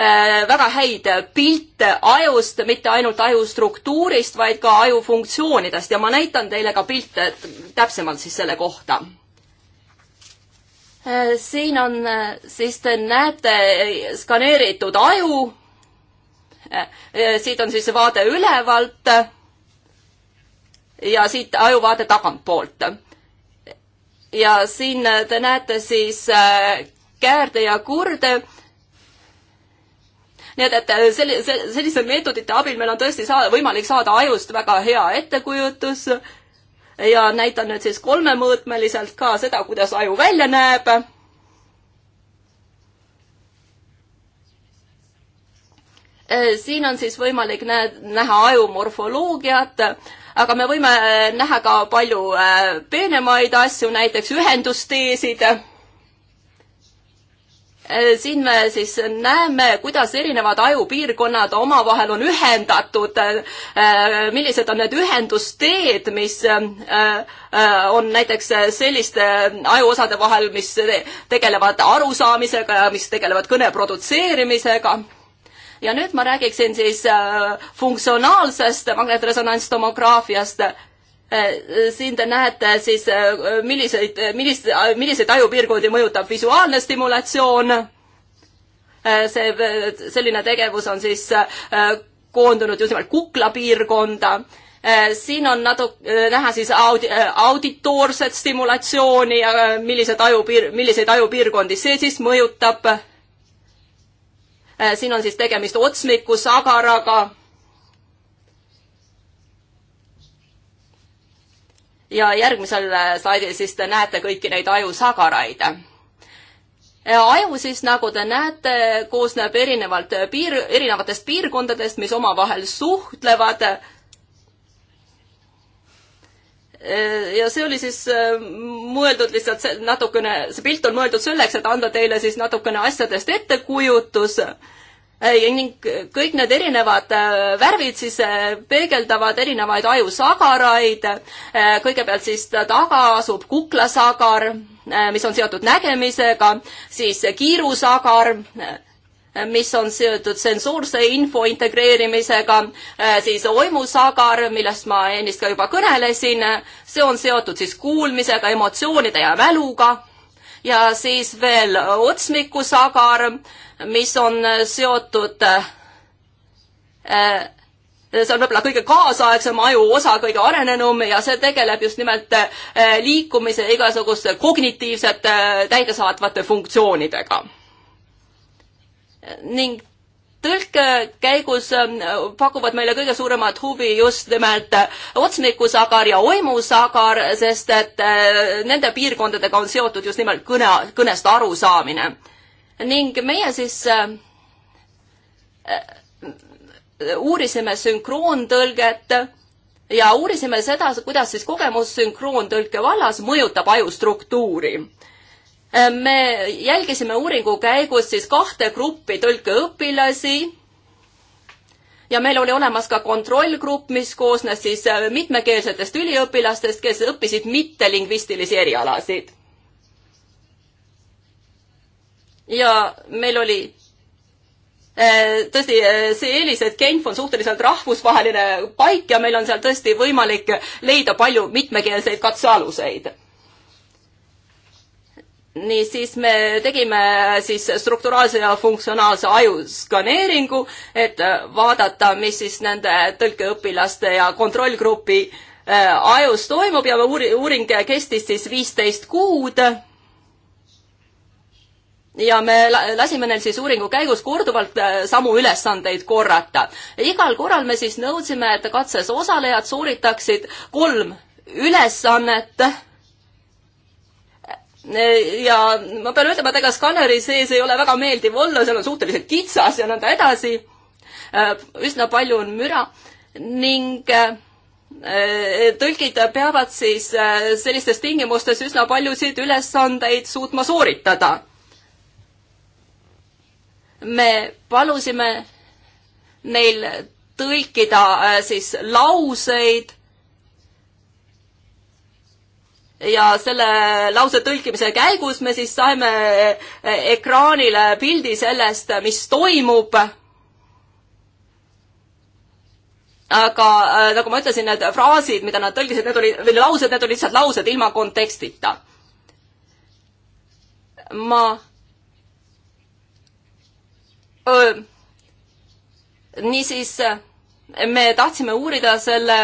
väga häid pilte ajust, mitte ainult aju struktuurist, vaid ka aju funktsioonidest ja ma näitan teile ka pilte täpsemalt siis selle kohta siin on, siis te näete skaneeritud aju Äh, äh, siit on siis vaade ülevalt ja siit ajuvaade tagantpoolt. ja siin äh, te näete siis käärde ja kurde. nii et, et selle, selliste meetodite abil meil on tõesti saa, võimalik saada ajust väga hea ettekujutus ja näitan nüüd siis kolmemõõtmeliselt ka seda, kuidas aju välja näeb Äh, siin on siis võimalik näe-, näha aju morfoloogiat, aga me võime äh, näha ka palju äh, peenemaid asju, näiteks ühendusteesid. siin me siis näeme, kuidas erinevad ajupiirkonnad omavahel on ühendatud, millised on need ühendusteed, mis on näiteks selliste ajuosade vahel, mis tegelevad arusaamisega ja mis tegelevad kõne produtseerimisega ja nüüd ma räägiksin siis äh, funktsionaalsest magnetresonantstomograafiast. Äh, siin te näete siis, äh, milliseid, millist, milliseid ajupiirkondi mõjutab visuaalne stimulatsioon. see, selline tegevus on siis koondunud just nimelt kuklapiirkonda siin on natu-, näha siis audi-, auditoorset stimulatsiooni ja millised ajupiir-, milliseid ajupiirkondi see siis mõjutab. Äh, siin on siis tegemist otsmiku sagaraga. ja järgmisel äh, slaidil siis te näete kõiki neid ajusagaraid äh, aju siis, nagu te näete, koosneb erinevalt piir, erinevatest piirkondadest, mis omavahel suhtlevad Äh, ja see oli siis äh, mõeldud lihtsalt natukene, see pilt on mõeldud selleks, et anda teile siis natukene asjadest ettekujutus äh, ning kõik need erinevad värvid siis peegeldavad erinevaid ajusagaraid. kõigepealt siis taga asub kuklasagar, mis on seotud nägemisega, siis kiirusagar mis on seotud tsensuurse info integreerimisega, äh, siis oimusagar, millest ma ennist ka juba kõnelesin, see on seotud siis kuulmisega, emotsioonide ja mäluga ja siis veel otsmikusagar, mis on seotud äh, see on võib-olla kõige kaasaegsem ajuosa, kõige arenenum ja see tegeleb just nimelt äh, liikumise igasuguste kognitiivsete täidesaatvate funktsioonidega ning tõlke käigus ähm, pakuvad meile kõige suuremat huvi just nimelt äh, otsnikusagar ja oimusagar, sest et äh, nende piirkondadega on seotud just nimelt kõne, kõnest arusaamine. ning meie siis äh, uurisime sünkroontõlget ja uurisime seda, kuidas siis kogemus sünkroontõlke vallas mõjutab ajustruktuuri Äh, me jälgisime uuringu käigus siis kahte gruppi tõlkeõpilasi ja meil oli olemas ka kontrollgrupp, mis koosnes siis äh, mitmekeelsetest üliõpilastest, kes õppisid mittelingvistilisi erialasid. ja meil oli äh, tõesti see eelis, et Genf on suhteliselt rahvusvaheline paik ja meil on seal tõesti võimalik leida palju mitmekeelseid katsealuseid niisiis me tegime siis strukturaalse ja funktsionaalse ajuskaneeringu, et äh, vaadata, mis siis nende tõlkeõpilaste ja kontrollgrupi äh, ajus toimub ja uuri-, uuring kestis siis viisteist kuud. ja me lasime neil siis uuringu käigus korduvalt äh, samu ülesandeid korrata. igal korral me siis nõudsime, et katses osalejad sooritaksid kolm ülesannet ja ma pean ütlema, et ega skanneri sees ei ole väga meeldiv olla, seal on suhteliselt kitsas ja nõnda edasi. Äh, üsna palju on müra ning äh, äh, tõlgid peavad siis sellistes tingimustes üsna paljusid ülesandeid suutma sooritada. me palusime neil tõlkida siis lauseid ja selle lause tõlkimise käigus me siis saime eh, eh, ekraanile pildi sellest, mis toimub. aga eh, nagu ma ütlesin, need fraasid, mida nad tõlgisid, need olid, või laused, need olid lihtsalt laused ilma kontekstita. ma öö, niisiis me tahtsime uurida selle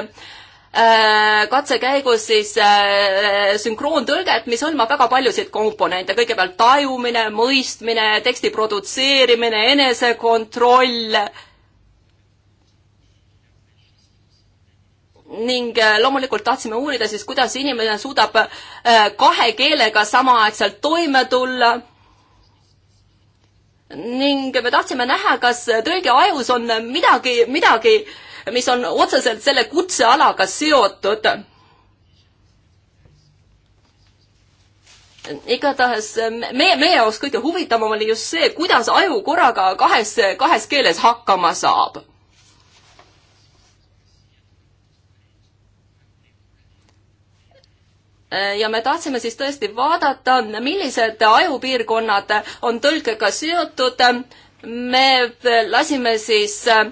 Äh, katse käigus siis äh, sünkroontõlget, mis hõlmab väga paljusid komponente, kõigepealt tajumine, mõistmine, teksti produtseerimine, enesekontroll ning äh, loomulikult tahtsime uurida siis, kuidas inimene suudab kahe keelega samaaegselt toime tulla. ning me tahtsime näha, kas tõlgi ajus on midagi, midagi mis on otseselt selle kutsealaga seotud igatahes meie, meie jaoks kõige huvitavam oli just see, kuidas aju korraga kahes, kahes keeles hakkama saab. ja me tahtsime siis tõesti vaadata, millised ajupiirkonnad on tõlkega seotud me lasime siis äh,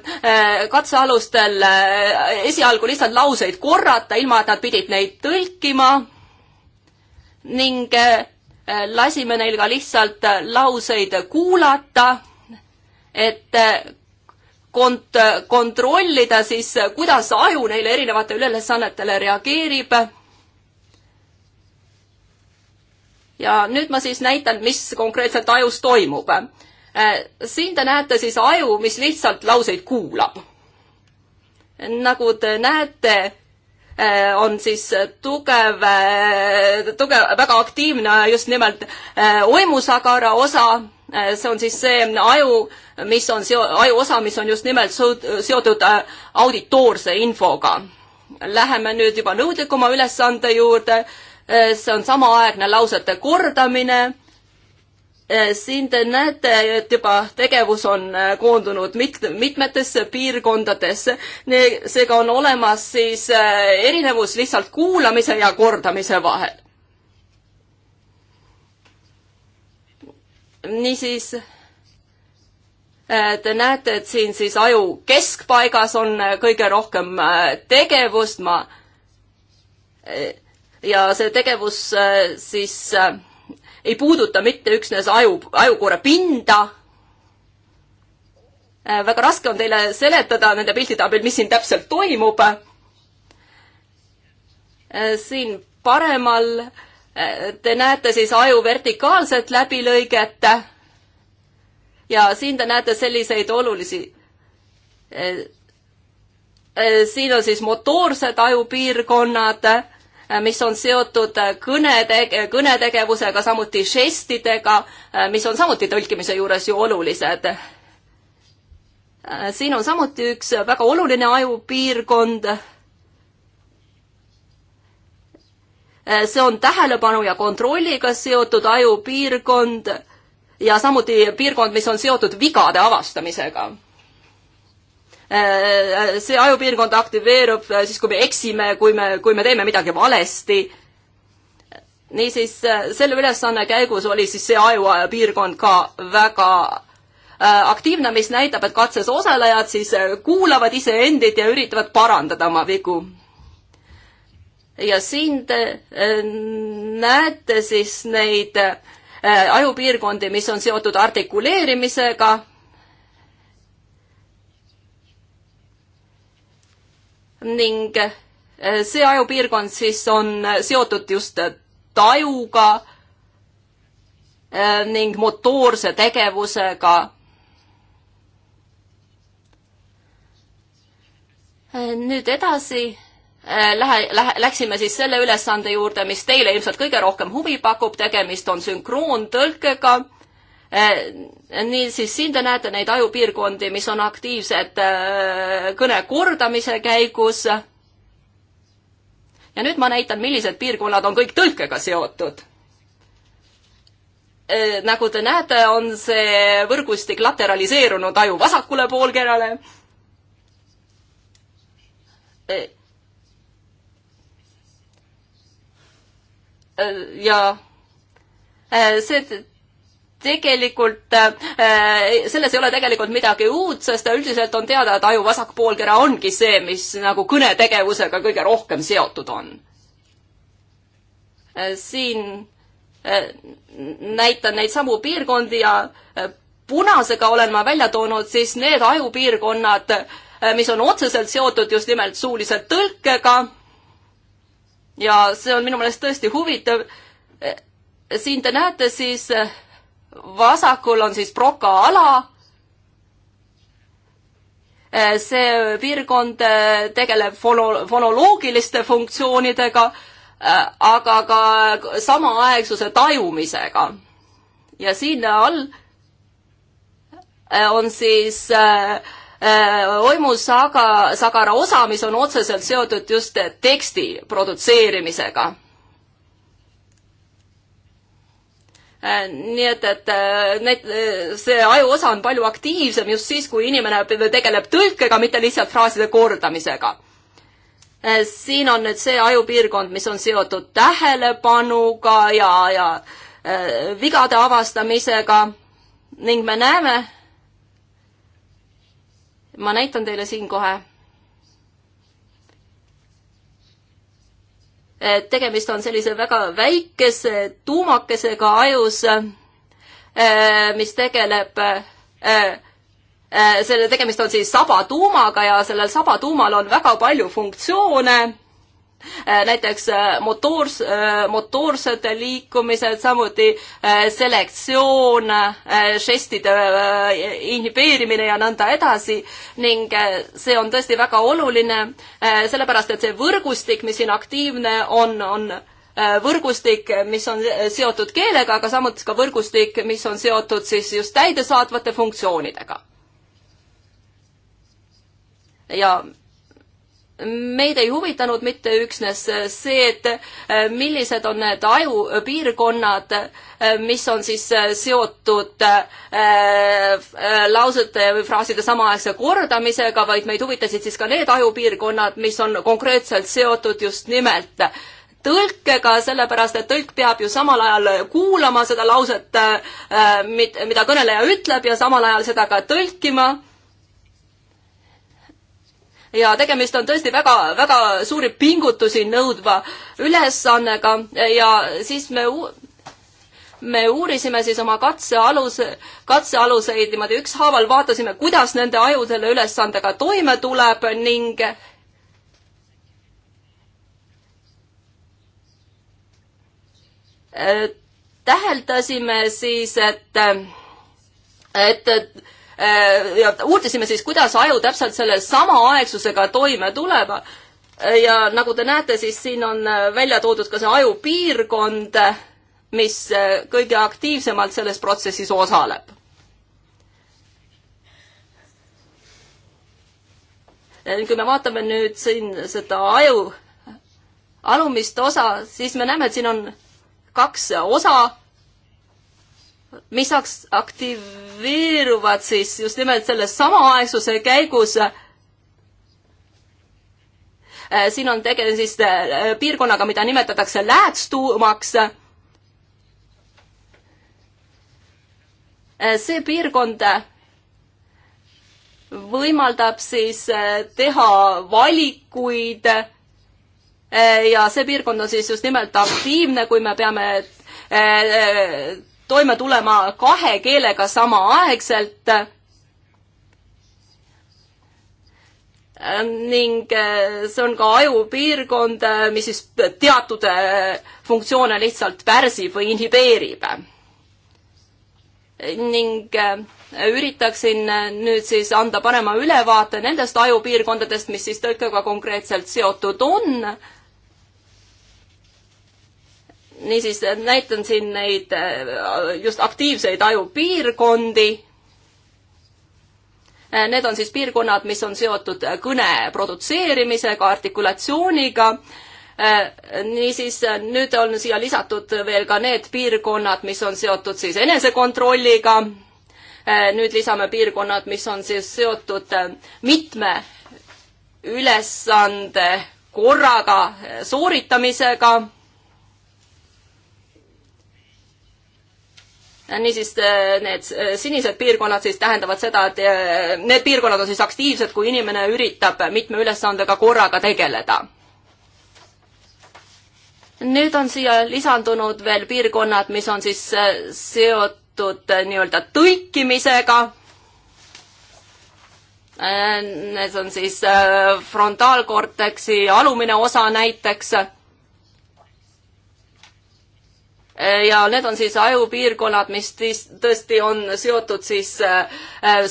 katsealustel äh, esialgu lihtsalt lauseid korrata, ilma et nad pidid neid tõlkima ning äh, lasime neil ka lihtsalt lauseid kuulata, et kont-, kontrollida siis, kuidas aju neile erinevatele ülesannetele reageerib. ja nüüd ma siis näitan, mis konkreetselt ajus toimub Äh, siin te näete siis aju, mis lihtsalt lauseid kuulab. nagu te näete, äh, on siis tugev, äh, tugev, väga aktiivne just nimelt oimusagara osa, see on siis see aju, mis on seo-, ajuosa, mis on just nimelt seotud auditoorse infoga. Läheme nüüd juba nõudlikuma ülesande juurde, see on samaaegne lausete kordamine Eh, siin te näete, et juba tegevus on eh, koondunud mit-, mitmetesse piirkondadesse, seega on olemas siis eh, erinevus lihtsalt kuulamise ja kordamise vahel. niisiis, te näete, et siin siis aju keskpaigas on kõige rohkem tegevust, ma ja see tegevus siis äh, ei puuduta mitte üksnes aju, ajukoore pinda. Äh, väga raske on teile seletada nende piltide abil, mis siin täpselt toimub. Äh, siin paremal äh, te näete siis aju vertikaalset läbilõiget. ja siin te näete selliseid olulisi siin on siis motoorsed ajupiirkonnad Äh, mis on seotud äh, kõnetege-, kõnetegevusega, samuti žestidega, äh, mis on samuti tõlkimise juures ju olulised. siin on samuti üks väga oluline ajupiirkond. see on tähelepanu ja kontrolliga seotud ajupiirkond ja samuti piirkond, mis on seotud vigade avastamisega see ajupiirkond aktiveerub siis, kui me eksime, kui me, kui me teeme midagi valesti. niisiis, selle ülesanne käigus oli siis see ajupiirkond ka väga äh, aktiivne, mis näitab, et katses osalejad siis äh, kuulavad iseendid ja üritavad parandada oma vigu ja siin te äh, näete siis neid ajupiirkondi, mis on seotud artikuleerimisega ning eh, see ajupiirkond siis on eh, seotud just eh, tajuga ning motoorse tegevusega. nüüd edasi lähe, lähe, läksime siis selle ülesande juurde, mis teile ilmselt kõige rohkem huvi pakub, tegemist on sünkroontõlkega Eh, niisiis, siin te näete neid ajupiirkondi, mis on aktiivsed eh, kõne kordamise käigus. ja nüüd ma näitan, millised piirkonnad on kõik tõlkega seotud. Eh, nagu te näete, on see võrgustik lateraliseerunud aju vasakule poolkerale ja see tegelikult äh, selles ei ole tegelikult midagi uut, sest üldiselt on teada, et aju vasak poolkera ongi see, mis nagu kõnetegevusega kõige rohkem seotud on. Äh, siin äh, näitan neid samu piirkondi ja punasega olen ma välja toonud siis need ajupiirkonnad, mis on otseselt seotud just nimelt suulise tõlkega. ja see on minu meelest tõesti huvitav. siin te näete siis äh, vasakul on siis Broka ala. Eh, see piirkond eh, tegeleb fono-, fonoloogiliste funktsioonidega, eh, aga ka samaaegsuse tajumisega. ja siin all on siis äh, oimusaga, sagara osa, mis on otseselt seotud just teksti produtseerimisega. Äh, nii et, et äh, need, äh, see ajuosa on palju aktiivsem just siis, kui inimene tegeleb tõlkega, mitte lihtsalt fraaside kordamisega. siin on nüüd see ajupiirkond, mis on seotud tähelepanuga ja, ja vigade avastamisega ning me näeme, ma näitan teile siin kohe tegemist on sellise väga väikese tuumakesega ajus, äh, mis tegeleb äh, äh, selle tegemist on siis sabatuumaga ja sellel sabatuumal on väga palju funktsioone Äh, näiteks äh, motoors, äh, motoorsed liikumised, samuti selektsioon, žestide inhibeerimine ja nõnda edasi ning see on tõesti väga oluline, sellepärast et see võrgustik, mis siin aktiivne on, on võrgustik, mis on seotud keelega, aga samuti ka võrgustik, mis on seotud siis just täidesaatvate funktsioonidega. ja meid ei huvitanud mitte üksnes see, et äh, millised on need ajupiirkonnad, äh, mis on siis äh, seotud lausete või fraaside samaaegse kordamisega, vaid meid huvitasid siis ka need ajupiirkonnad, mis on konkreetselt seotud just nimelt tõlkega, sellepärast et tõlk peab ju samal ajal kuulama seda lauset, mida kõneleja ütleb ja samal ajal seda ka tõlkima ja tegemist on tõesti väga, väga suuri pingutusi nõudva ülesannega ja siis me me uurisime siis oma katsealuse, katsealuseid niimoodi ükshaaval, vaatasime, kuidas nende aju selle ülesandega toime tuleb ning äh, täheldasime siis, et, et Äh, ja uurisime siis, kuidas aju täpselt selle sama aegsusega toime tuleb. Äh, ja nagu te näete, siis siin on äh, välja toodud ka see ajupiirkond, mis kõige aktiivsemalt selles protsessis osaleb. kui me vaatame nüüd siin seda aju alumist osa, siis me näeme, et siin on kaks osa mis aktiveeruvad siis just nimelt selle samaaegsuse käigus äh, siin on tegemist siis äh, piirkonnaga, mida nimetatakse läätstuumaks. Äh, see piirkond võimaldab siis teha valikuid ja see piirkond on siis just nimelt aktiivne, kui me peame toime tulema kahe keelega samaaegselt ning eh, see on ka ajupiirkond, eh, mis siis teatud eh, funktsioone lihtsalt pärsib või inhibeerib. ning üritaksin nüüd siis anda parema ülevaate nendest ajupiirkondadest, mis siis tõlkega konkreetselt seotud on niisiis näitan siin neid äh, just aktiivseid ajupiirkondi. Äh, need on siis piirkonnad, mis on seotud äh, kõne produtseerimisega, artikulatsiooniga. niisiis nüüd on siia lisatud veel ka need piirkonnad, mis on seotud siis enesekontrolliga. nüüd lisame piirkonnad, mis on siis seotud mitme ülesande korraga sooritamisega Äh, niisiis äh, need äh, sinised piirkonnad siis tähendavad seda, et need piirkonnad on siis aktiivsed, kui inimene üritab mitme ülesandega korraga tegeleda. nüüd on siia lisandunud veel piirkonnad, mis on siis seotud nii-öelda tõikimisega. Need on siis frontaalkorteksi alumine osa näiteks Äh, ja need on siis ajupiirkonnad, mis tõesti on seotud siis äh,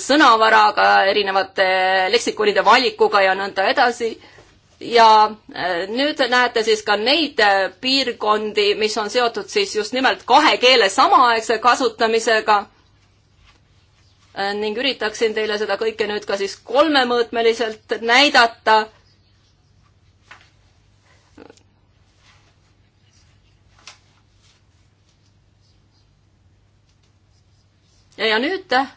sõnavaraga, erinevate leksikonide valikuga ja nõnda edasi. ja äh, nüüd näete siis ka neid piirkondi, mis on seotud siis just nimelt kahe keele samaaegse kasutamisega. ning üritaksin teile seda kõike nüüd ka siis kolmemõõtmeliselt näidata ja nüüd äh,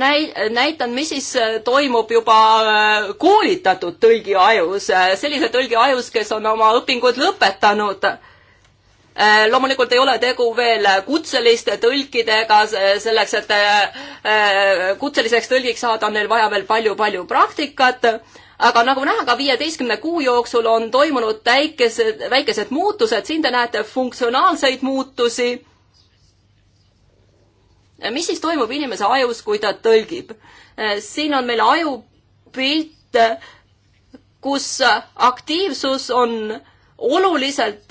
näi-, näitan, mis siis äh, toimub juba äh, koolitatud tõlgi ajus, sellise tõlgi ajus, kes on oma õpingud lõpetanud. loomulikult ei ole tegu veel kutseliste tõlkidega, selleks, et kutseliseks tõlgiks saada, on neil vaja veel palju-palju praktikat aga nagu näha, ka viieteistkümne kuu jooksul on toimunud väikesed, väikesed muutused, siin te näete funktsionaalseid muutusi mis siis toimub inimese ajus, kui ta tõlgib? siin on meil ajupilt, kus aktiivsus on oluliselt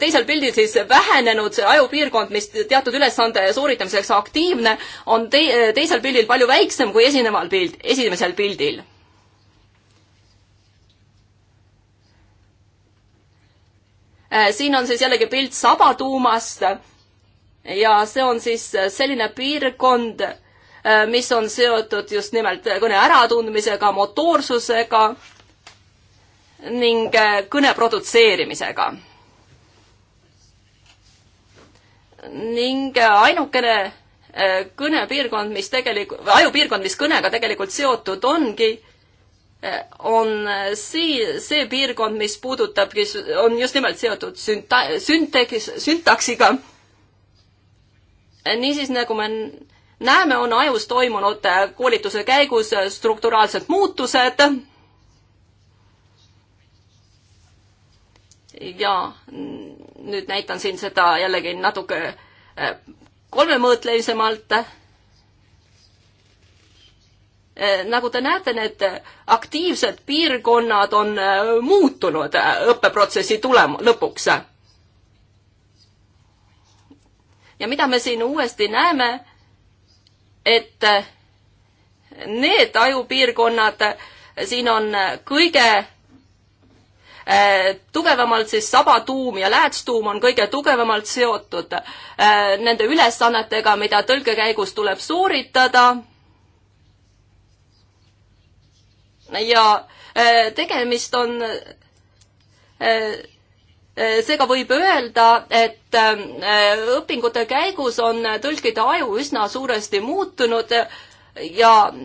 teisel pildil siis vähenenud, see ajupiirkond, mis teatud ülesande sooritamiseks aktiivne, on te-, teisel pildil palju väiksem kui esineval pild, esimesel pildil. siin on siis jällegi pilt sabatuumast ja see on siis äh, selline piirkond, äh, mis on seotud just nimelt kõne äratundmisega, motoorsusega ning äh, kõne produtseerimisega. ning ainukene kõnepiirkond, mis tegelikult, või ajupiirkond, mis kõnega tegelikult seotud ongi, on see, see piirkond, mis puudutab, kes on just nimelt seotud sünta-, süntekis, süntaksiga niisiis, nagu me näeme, on ajus toimunud äh, koolituse käigus äh, strukturaalsed muutused. ja nüüd näitan siin seda jällegi natuke äh, kolmemõõtlemisemalt. nagu te näete, need aktiivsed piirkonnad on muutunud õppeprotsessi tulem-, lõpuks ja mida me siin uuesti näeme, et need ajupiirkonnad siin on kõige eh, tugevamalt siis sabatuum ja läätstuum on kõige tugevamalt seotud eh, nende ülesannetega, mida tõlke käigus tuleb sooritada. ja eh, tegemist on seega võib öelda, et äh, õpingute käigus on tõlkide aju üsna suuresti muutunud ja äh,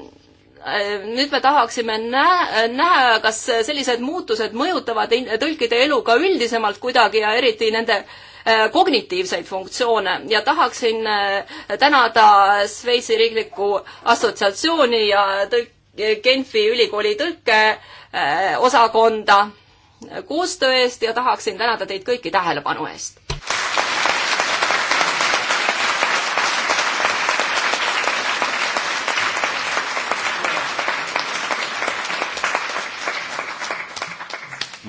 nüüd me tahaksime näha, näha, kas sellised muutused mõjutavad tõlkide elu ka üldisemalt kuidagi ja eriti nende äh, kognitiivseid funktsioone ja tahaksin tänada Šveitsi Riiklikku Assotsiatsiooni ja tõlk-, Genfi ülikooli tõlkeosakonda äh, koostöö eest ja tahaksin tänada teid kõiki tähelepanu eest.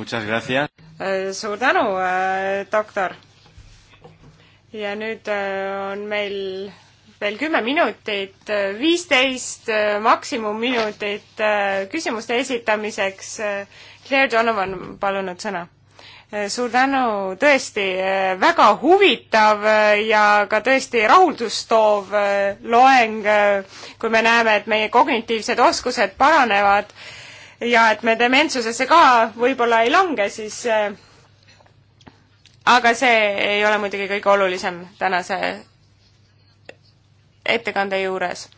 Äh, suur tänu, äh, doktor. ja nüüd äh, on meil veel kümme minutit, viisteist maksimumminutit küsimuste esitamiseks Claire Donovan on palunud sõna. Eh, suur tänu, tõesti eh, väga huvitav eh, ja ka tõesti rahuldust toov loeng, kui me näeme, et meie kognitiivsed oskused paranevad ja et me dementsusesse ka võib-olla ei lange, siis aga see ei ole muidugi kõige olulisem tänase ettekande juures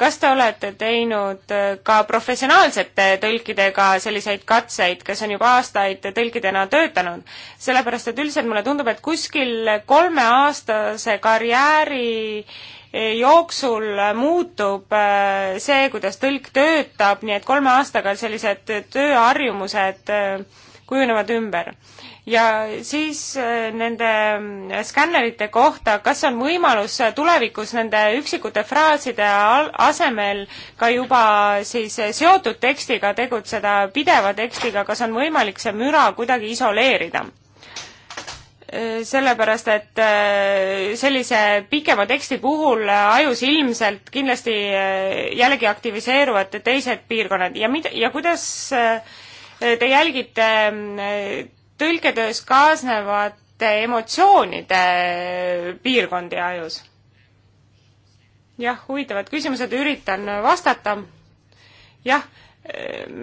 kas te olete teinud äh, ka professionaalsete tõlkidega selliseid katseid, kes on juba aastaid tõlkidena töötanud? sellepärast, et üldiselt mulle tundub, et kuskil kolmeaastase karjääri äh, jooksul muutub äh, see, kuidas tõlk töötab, nii et kolme aastaga sellised tööharjumused kujunevad ümber ja siis äh, nende äh, skännerite kohta, kas on võimalus äh, tulevikus nende üksikute fraaside asemel ka juba siis seotud tekstiga tegutseda, pideva tekstiga, kas on võimalik see müra kuidagi isoleerida? sellepärast, et sellise pikema teksti puhul ajus ilmselt kindlasti jällegi aktiviseeruvad teised piirkonnad ja mida, ja kuidas te jälgite tõlketöös kaasnevate emotsioonide piirkondi ajus? jah, huvitavad küsimused, üritan vastata. jah,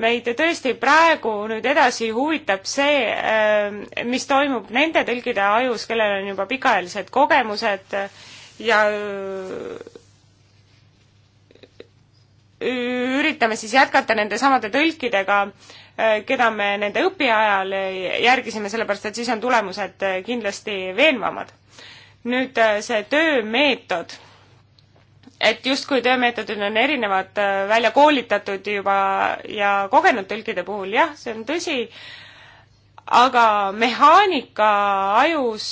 meid tõesti praegu nüüd edasi huvitab see, eh, mis toimub nende tõlgide ajus, kellel on juba pikaajalised kogemused ja üritame siis jätkata nendesamade tõlkidega, äh, keda me nende õpiajal järgisime, sellepärast et siis on tulemused äh, kindlasti veenvamad. nüüd äh, see töömeetod, et justkui töömeetodid on erinevad välja koolitatud juba ja kogenud tõlkide puhul, jah, see on tõsi, aga mehaanika ajus,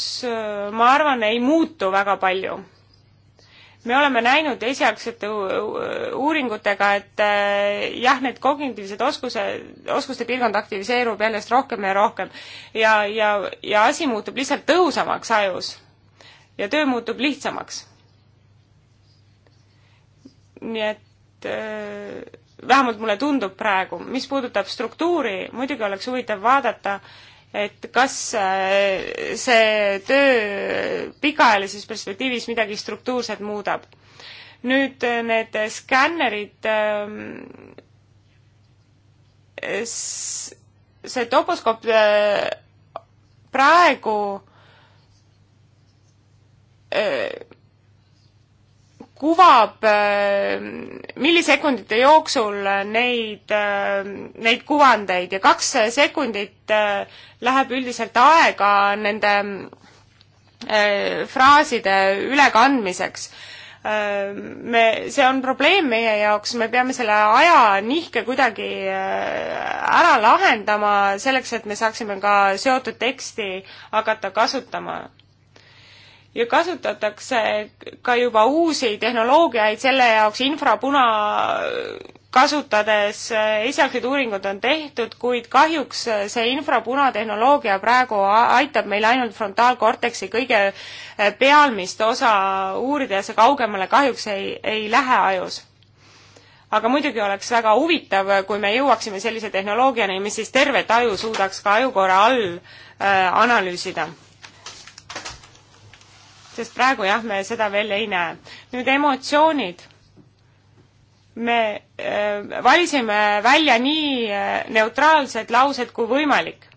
ma arvan, ei muutu väga palju me oleme näinud esialgsete uuringutega, et äh, jah, need kognitiivsed oskuse, oskuste piirkond aktiviseerub järjest rohkem ja rohkem ja, ja, ja asi muutub lihtsalt tõhusamaks ajus ja töö muutub lihtsamaks. nii et äh, vähemalt mulle tundub praegu, mis puudutab struktuuri, muidugi oleks huvitav vaadata äh, et kas äh, see töö pikaajalises perspektiivis midagi struktuurset muudab. nüüd äh, need skännerid, ähm, see toposkoop äh, praegu kuvab, äh, millisekundite jooksul neid, äh, neid kuvandeid ja kaks sekundit äh, läheb üldiselt aega nende fraaside ülekandmiseks. me, see on probleem meie jaoks, me peame selle ajanihke kuidagi ära lahendama selleks, et me saaksime ka seotud teksti hakata kasutama ja kasutatakse ka juba uusi tehnoloogiaid selle jaoks, infrapuna kasutades esialgsed uuringud on tehtud, kuid kahjuks see infrapunatehnoloogia praegu aitab meil ainult frontaalkorteksi kõige pealmist osa uurida ja see kaugemale kahjuks ei, ei lähe ajus aga muidugi oleks väga huvitav, kui me jõuaksime sellise tehnoloogiani, mis siis tervet aju suudaks ka ajukoora all äh, analüüsida sest praegu jah, me seda veel ei näe. nüüd emotsioonid. me äh, valisime välja nii äh, neutraalsed laused kui võimalik.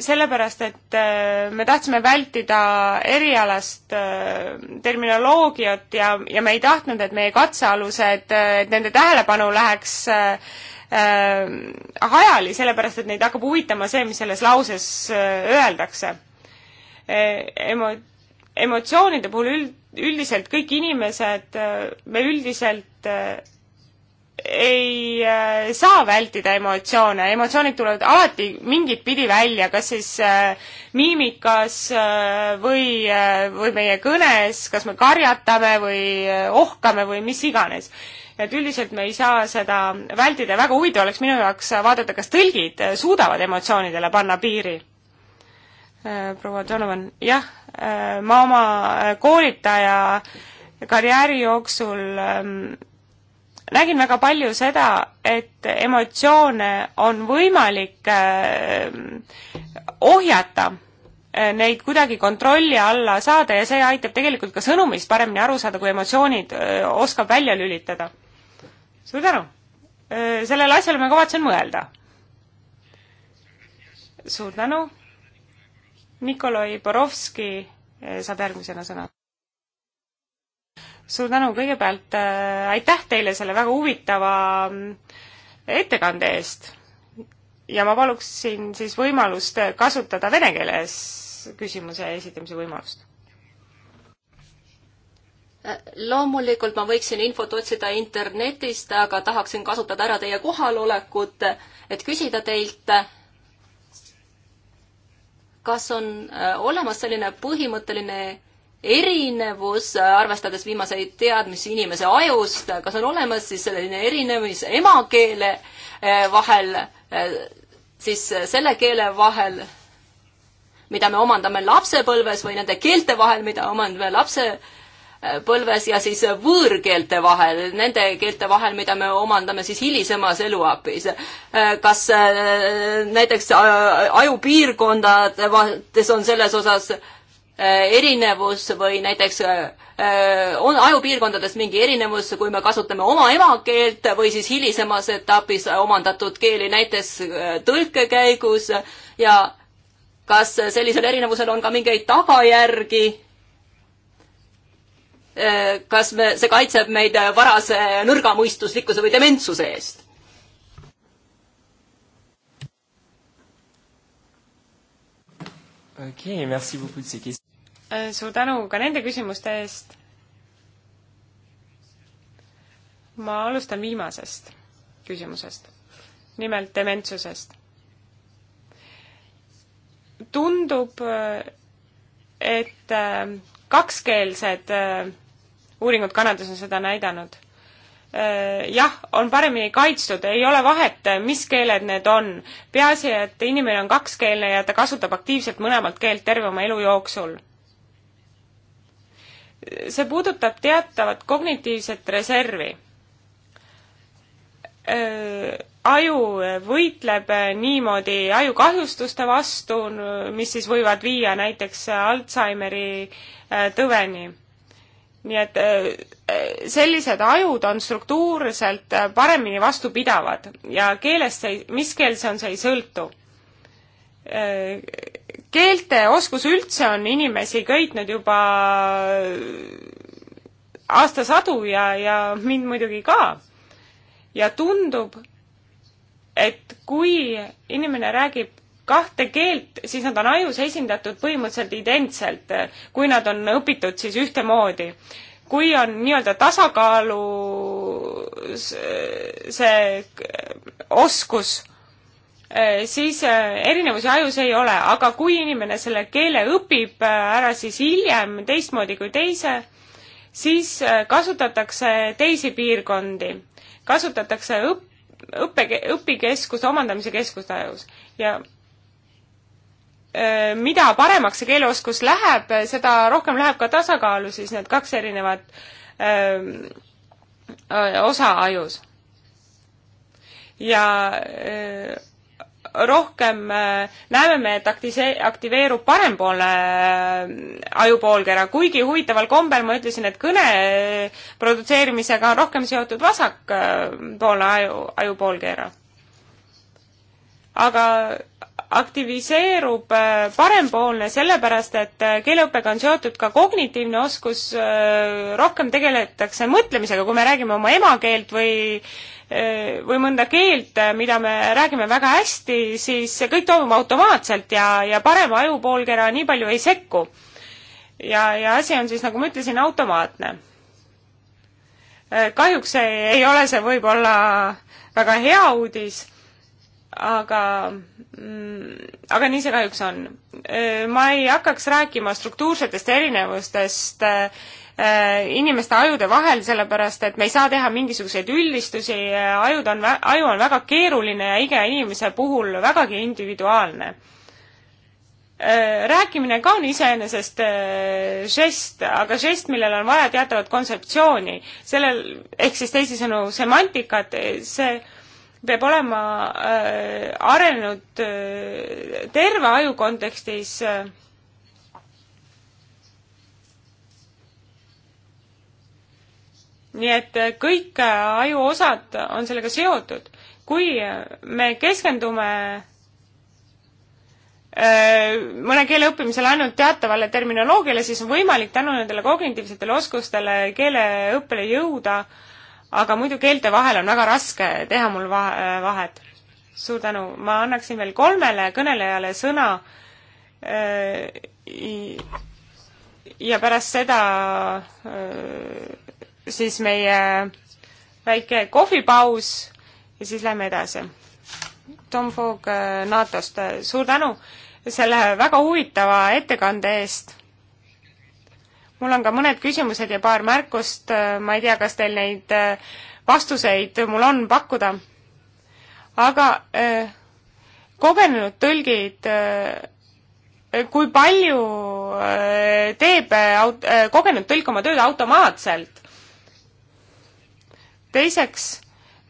sellepärast, et äh, me tahtsime vältida erialast äh, terminoloogiat ja, ja me ei tahtnud, et meie katsealused äh,, et nende tähelepanu läheks äh, äh, hajali, sellepärast et neid hakkab huvitama see, mis selles lauses äh, öeldakse äh,. Emo-, emotsioonide puhul üld, üldiselt kõik inimesed, äh, me üldiselt äh, ei äh, saa vältida emotsioone, emotsioonid tulevad alati mingit pidi välja, kas siis äh, miimikas äh, või äh,, või meie kõnes, kas me karjatame või äh, ohkame või mis iganes. et üldiselt me ei saa seda vältida, väga huvitav oleks minu jaoks vaadata, kas tõlgid suudavad emotsioonidele panna piiri äh,. proua Donovan, jah Äh, ma oma äh, koolitaja karjääri jooksul ähm, nägin väga palju seda, et emotsioone on võimalik äh, ohjata, neid kuidagi kontrolli alla saada ja see aitab tegelikult ka sõnumist paremini aru saada, kui emotsioonid oskab välja lülitada. suur tänu! sellele asjale ma kavatsen mõelda. suur tänu! Nikolai Borovski eh, saab järgmisena sõna. suur tänu, kõigepealt äh, aitäh teile selle väga huvitava mm, ettekande eest. ja ma paluksin siis võimalust eh, kasutada vene keeles küsimuse esitamise võimalust. Äh, loomulikult ma võiksin infot otsida internetist, aga tahaksin kasutada ära teie kohalolekut, et küsida teilt kas on äh, olemas selline põhimõtteline erinevus, äh, arvestades viimaseid teadmisi inimese ajust, äh, kas on olemas siis selline erinevus emakeele vahel, siis selle keele vahel, mida me omandame lapsepõlves või nende keelte vahel, mida omandame lapse, põlves ja siis võõrkeelte vahel, nende keelte vahel, mida me omandame siis hilisemas eluapis. kas äh, näiteks äh, ajupiirkondades on selles osas äh, erinevus või näiteks on ajupiirkondades mingi erinevus, kui me kasutame oma emakeelt või siis hilisemas etapis omandatud keeli näiteks tõlke käigus ja kas sellisel erinevusel on ka mingeid tagajärgi Äh, kas me, see kaitseb meid äh, varase nõrgamõistuslikkuse või dementsuse eest? okei okay,, merci beaucoup de ces questions. Äh, suur tänu ka nende küsimuste eest. ma alustan viimasest küsimusest, nimelt dementsusest. tundub, et kakskeelsed uuringud Kanadas on seda näidanud. Äh, jah, on paremini kaitstud, ei ole vahet, mis keeled need on. peaasi, et inimene on kakskeelne ja ta kasutab aktiivselt mõlemat keelt terve oma elu jooksul. see puudutab teatavat kognitiivset reservi äh, aju võitleb niimoodi ajukahjustuste vastu, mis siis võivad viia näiteks Alžeimeri äh, tõveni nii et äh, äh, sellised ajud on struktuurselt äh, paremini vastupidavad ja keelest see, mis keel see on, see ei sõltu. keelteoskus üldse on inimesi köitnud juba aastasadu ja, ja mind muidugi ka. ja tundub, et kui inimene räägib kahte keelt, siis nad on ajus esindatud põhimõtteliselt identselt, kui nad on õpitud siis ühtemoodi. kui on nii-öelda tasakaalu see oskus, siis eh, erinevusi ajus ei ole, aga kui inimene selle keele õpib eh, ära siis hiljem teistmoodi kui teise, siis eh, kasutatakse teisi piirkondi, kasutatakse õpp-, õppe, õpikeskuse, omandamise keskuse ajus ja Äh, mida paremaks see keeleoskus läheb, seda rohkem läheb ka tasakaalu siis need kaks erinevat öö, äh, osa ajus. ja öö, äh, rohkem näeme me, et aktivise-, aktiveerub parempoolne ajupoolkera, kuigi huvitaval kombel ma ütlesin, et kõne produtseerimisega on rohkem seotud vasakpoolne aju, ajupoolkera. aga aktiviseerub äh, parempoolne, sellepärast et äh, keeleõppega on seotud ka kognitiivne oskus, äh, rohkem tegeletakse mõtlemisega, kui me räägime oma emakeelt või või mõnda keelt, mida me räägime väga hästi, siis kõik toimub automaatselt ja, ja parem ajupoolkera nii palju ei sekku. ja, ja asi on siis, nagu ma ütlesin, automaatne. kahjuks ei, ei ole see võib-olla väga hea uudis, aga Mm, aga nii see kahjuks on. Äh, ma ei hakkaks rääkima struktuursetest erinevustest äh, inimeste ajude vahel, sellepärast et me ei saa teha mingisuguseid üldistusi, ajud on, aju on väga keeruline ja iga inimese puhul vägagi individuaalne. Äh, rääkimine ka on iseenesest žest, aga žest, millel on vaja teatavat kontseptsiooni, sellel, ehk siis teisisõnu semantikat, see peab olema äh, arenenud äh, terve aju kontekstis äh, nii et äh, kõik äh, ajuosad on sellega seotud. kui äh, me keskendume mõne keele õppimisel ainult teatavale terminoloogiale, siis on võimalik tänu nendele kognitiivsetele oskustele keeleõppele jõuda äh, aga muidu keelte vahel on väga raske teha mul va-, vahet. suur tänu, ma annaksin veel kolmele kõnelejale sõna äh, ja pärast seda äh, siis meie väike kohvipaus ja siis lähme edasi. Tom Fogg äh, NATO-st, suur tänu selle väga huvitava ettekande eest mul on ka mõned küsimused ja paar märkust, ma ei tea, kas teil neid äh, vastuseid mul on pakkuda, aga äh, kogenenud tõlgid, äh, kui palju teeb aut-, kogenud tõlk oma tööd automaatselt? teiseks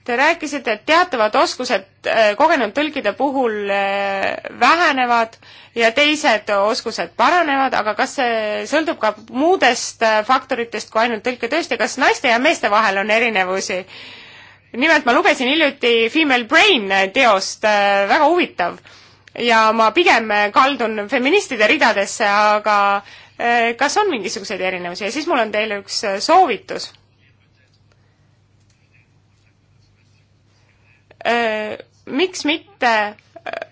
Te rääkisite, et teatavad oskused äh, kogenud tõlkide puhul äh, vähenevad ja teised oskused paranevad, aga kas see sõltub ka muudest äh, faktoritest kui ainult tõlketööst ja kas naiste ja meeste vahel on erinevusi? nimelt ma lugesin hiljuti Female Brain teost, väga huvitav, ja ma pigem kaldun feministide ridadesse, aga kas on mingisuguseid erinevusi ja siis mul on teile üks soovitus Äh, miks mitte äh,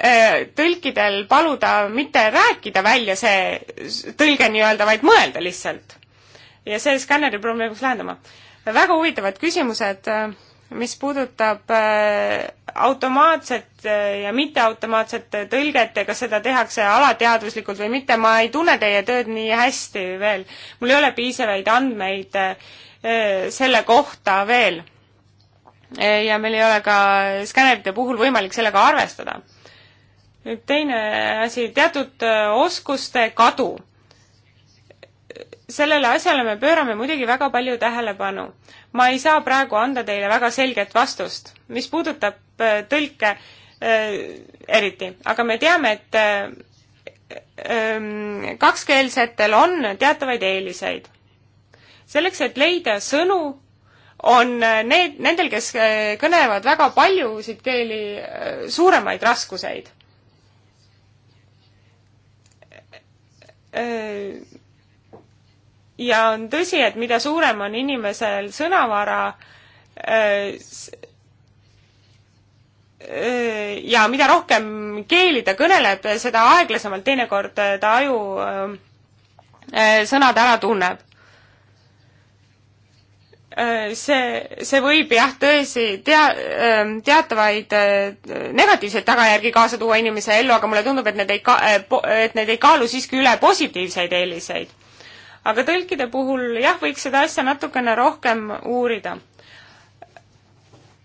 äh, tõlkidel paluda mitte rääkida välja see tõlge nii-öelda, vaid mõelda lihtsalt. ja see skänneri probleem peaks lahendama. väga huvitavad küsimused, mis puudutab automaatset ja mitteautomaatset tõlget ja kas seda tehakse alateadvuslikult või mitte, ma ei tunne teie tööd nii hästi veel. mul ei ole piisavaid andmeid selle kohta veel ja meil ei ole ka skännerite puhul võimalik sellega arvestada. nüüd teine asi, teatud äh, oskuste kadu. sellele asjale me pöörame muidugi väga palju tähelepanu. ma ei saa praegu anda teile väga selget vastust, mis puudutab äh, tõlke äh, eriti, aga me teame, et ähm, kakskeelsetel on teatavaid eeliseid. selleks, et leida sõnu, on äh, need, nendel, kes äh, kõnelevad väga paljusid keeli, äh, suuremaid raskuseid. ja on tõsi, et mida suurem on inimesel sõnavara, ja mida rohkem keeli ta kõneleb, seda aeglasemalt teinekord ta aju sõnad ära tunneb Äh, see, see võib jah, tõesti tea-, ähm, teatavaid äh, negatiivseid tagajärgi kaasa tuua inimese ellu, aga mulle tundub, et need ei ka-, äh, et need ei kaalu siiski üle positiivseid eeliseid. aga tõlkide puhul jah, võiks seda asja natukene rohkem uurida.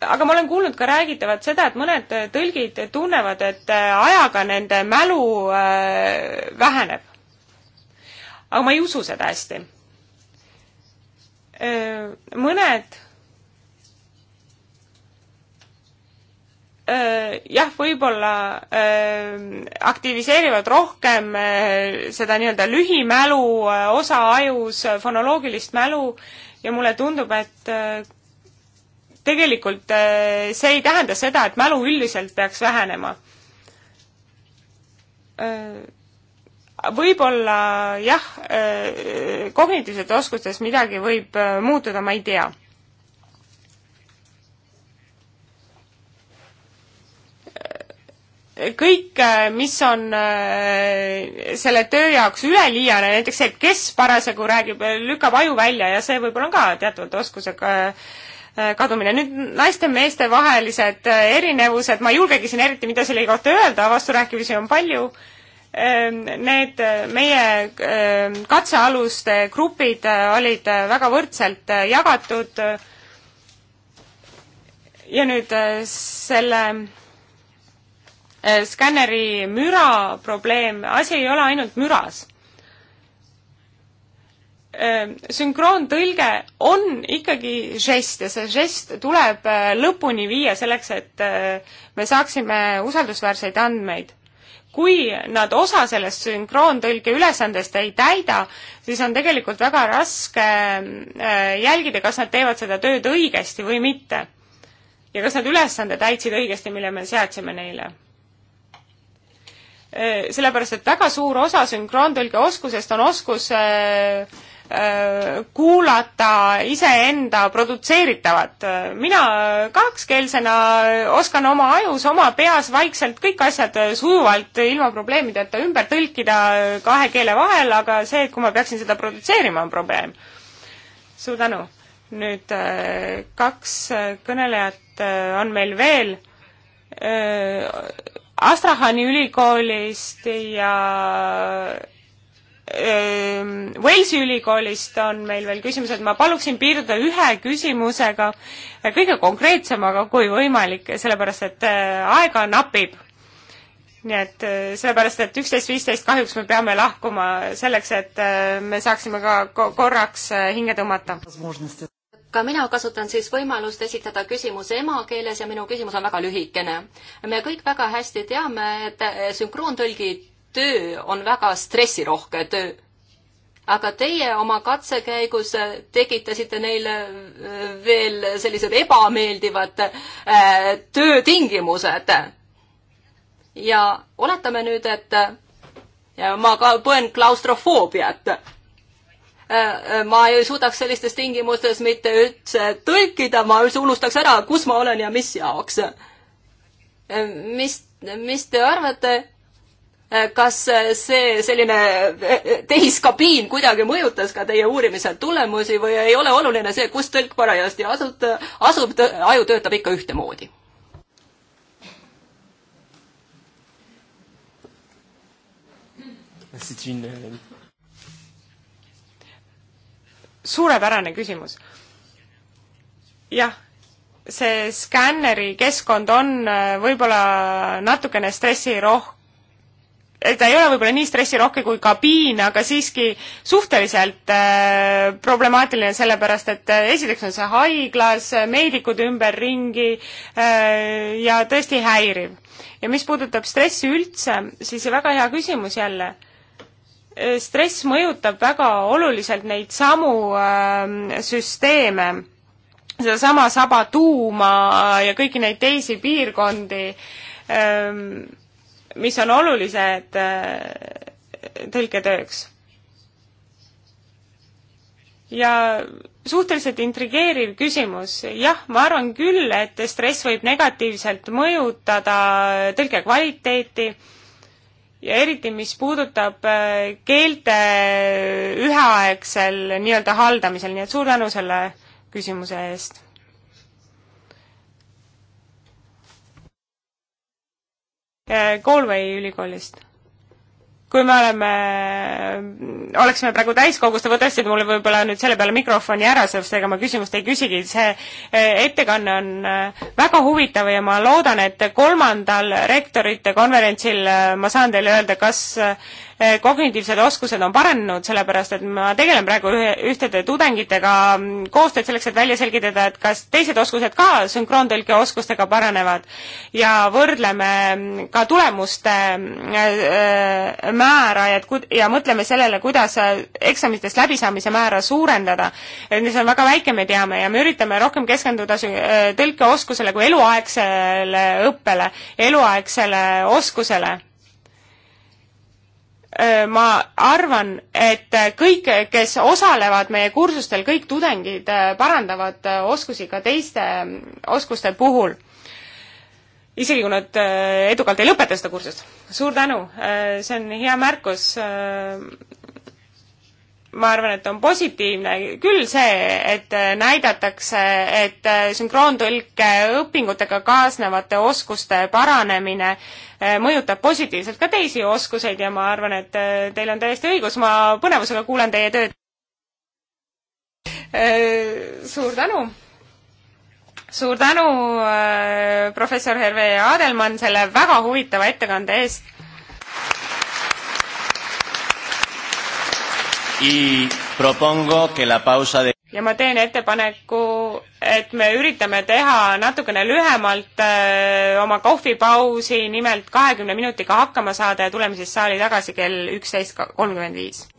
aga ma olen kuulnud ka räägitavat seda, et mõned tõlgid tunnevad, et ajaga nende mälu väheneb. aga ma ei usu seda hästi Äh, mõned äh, jah, võib-olla äh, aktiviseerivad rohkem seda nii-öelda lühimälu osa ajus, fonoloogilist mälu ja mulle tundub, et tegelikult see ei tähenda seda, et mälu üldiselt peaks vähenema võib-olla jah, äh, kognitiivsetes oskustes midagi võib äh, muutuda, ma ei tea. kõik, äh, mis on selle töö jaoks üleliiane, näiteks see, kes parasjagu räägib, lükkab aju välja ja see võib-olla on ka teatavalt oskusega kadumine. nüüd naiste-meeste vahelised erinevused, ma ei julgegi siin eriti midagi selle kohta öelda, vasturääkimisi on palju äh, Ehm, need eh, meie ehm, katsealuste grupid eh, olid eh, väga võrdselt jagatud ja nüüd selle skänneri müra probleem, asi ei ole ainult müras. Ehm, sünkroontõlge on ikkagi žest ja see žest tuleb lõpuni viia selleks, et me saaksime usaldusväärseid andmeid kui nad osa sellest sünkroontõlke ülesandest ei täida, siis on tegelikult väga raske äh, jälgida, kas nad teevad seda tööd õigesti või mitte. ja kas nad ülesande täitsid õigesti, mille me seadsime neile. Äh, sellepärast, et väga suur osa sünkroontõlge oskusest on oskus äh, Äh, kuulata iseenda produtseeritavat. mina kakskeelsena oskan oma ajus, oma peas vaikselt kõik asjad sujuvalt ilma probleemideta ümber tõlkida kahe keele vahel, aga see, et kui ma peaksin seda produtseerima, on probleem. suur tänu. nüüd äh, kaks äh, kõnelejat on meil veel. Astrahani ülikoolist ja Ehm, Walesi ülikoolist on meil veel küsimused, ma paluksin piirduda ühe küsimusega, kõige konkreetsemaga, kui võimalik, sellepärast et äh, aega napib. nii et äh, sellepärast, et üksteist viisteist kahjuks me peame lahkuma selleks, et äh, me saaksime ka korraks hinge tõmmata. ka mina kasutan siis võimalust esitada küsimus emakeeles ja minu küsimus on väga lühikene. me kõik väga hästi teame, et sünkroontõlgid töö on väga stressirohke töö. aga teie oma katsekäigus tekitasite neile äh, veel sellised ebameeldivad äh, töötingimused. ja oletame nüüd, et ma ka põen klaustrofoobiat äh, ma ei suudaks sellistes tingimustes mitte üldse tõlkida, ma üldse unustaks ära, kus ma olen ja mis jaoks. mis, mis te arvate, Äh, kas äh, see selline äh, tehiskabiin kuidagi mõjutas ka teie uurimise tulemusi või ei ole oluline see, kus tõlk parajasti asub, asub, aju töötab ikka ühtemoodi? suurepärane küsimus. jah see skänneri keskkond on võib-olla natukene stressirohke ta ei ole võib-olla nii stressirohke kui kabiin, aga siiski suhteliselt äh, problemaatiline, sellepärast et äh, esiteks on see haiglas, meedikud ümberringi äh, ja tõesti häiriv. ja mis puudutab stressi üldse, siis väga hea küsimus jälle äh, stress mõjutab väga oluliselt neid samu äh, süsteeme, sedasama saba tuuma ja kõiki neid teisi piirkondi ähm, mis on olulised äh, tõlketööks. ja suhteliselt intrigeeriv küsimus, jah, ma arvan küll, et stress võib negatiivselt mõjutada tõlke kvaliteeti ja eriti, mis puudutab äh, keelte üheaegsel nii-öelda haldamisel, nii et suur tänu selle küsimuse eest. Eh, Galway ülikoolist. kui me oleme, oleksime praegu täiskogus, te võtaksite mulle võib-olla nüüd selle peale mikrofoni ära, sellepärast ega ma küsimust ei küsigi, see eh, ettekanne on eh, väga huvitav ja ma loodan, et kolmandal rektorite konverentsil ma saan teile öelda, kas Eh, kognitiivsed oskused on paranenud, sellepärast et ma tegelen praegu ühe, ühtede tudengitega mm, koostööd selleks, et välja selgitada, et kas teised oskused ka sünkroontõlke oskustega paranevad ja võrdleme mm, ka tulemuste mm, eh, määra ja, ja mõtleme sellele, kuidas eh, eksamitest läbisaamise määra suurendada. see on väga väike, me teame, ja me üritame rohkem keskenduda tõlkeoskusele kui eluaegsele õppele, eluaegsele oskusele ma arvan, et äh, kõik, kes osalevad meie kursustel, kõik tudengid äh, parandavad äh, oskusi ka teiste mm, oskuste puhul. isegi kui nad edukalt ei lõpeta seda kursust. suur tänu, see on hea märkus ma arvan, et on positiivne küll see, et äh, näidatakse, et äh, sünkroontõlke õpingutega kaasnevate oskuste paranemine äh, mõjutab positiivselt ka teisi oskuseid ja ma arvan, et teil on täiesti õigus, ma põnevusega kuulan teie tööd. suur tänu! suur tänu, professor Herve Adelmann, selle väga huvitava ettekande eest ja ma teen ettepaneku, et me üritame teha natukene lühemalt öö, äh, oma kohvipausi, nimelt kahekümne minutiga hakkama saada ja tuleme siis saali tagasi kell üksteist kolmkümmend viis.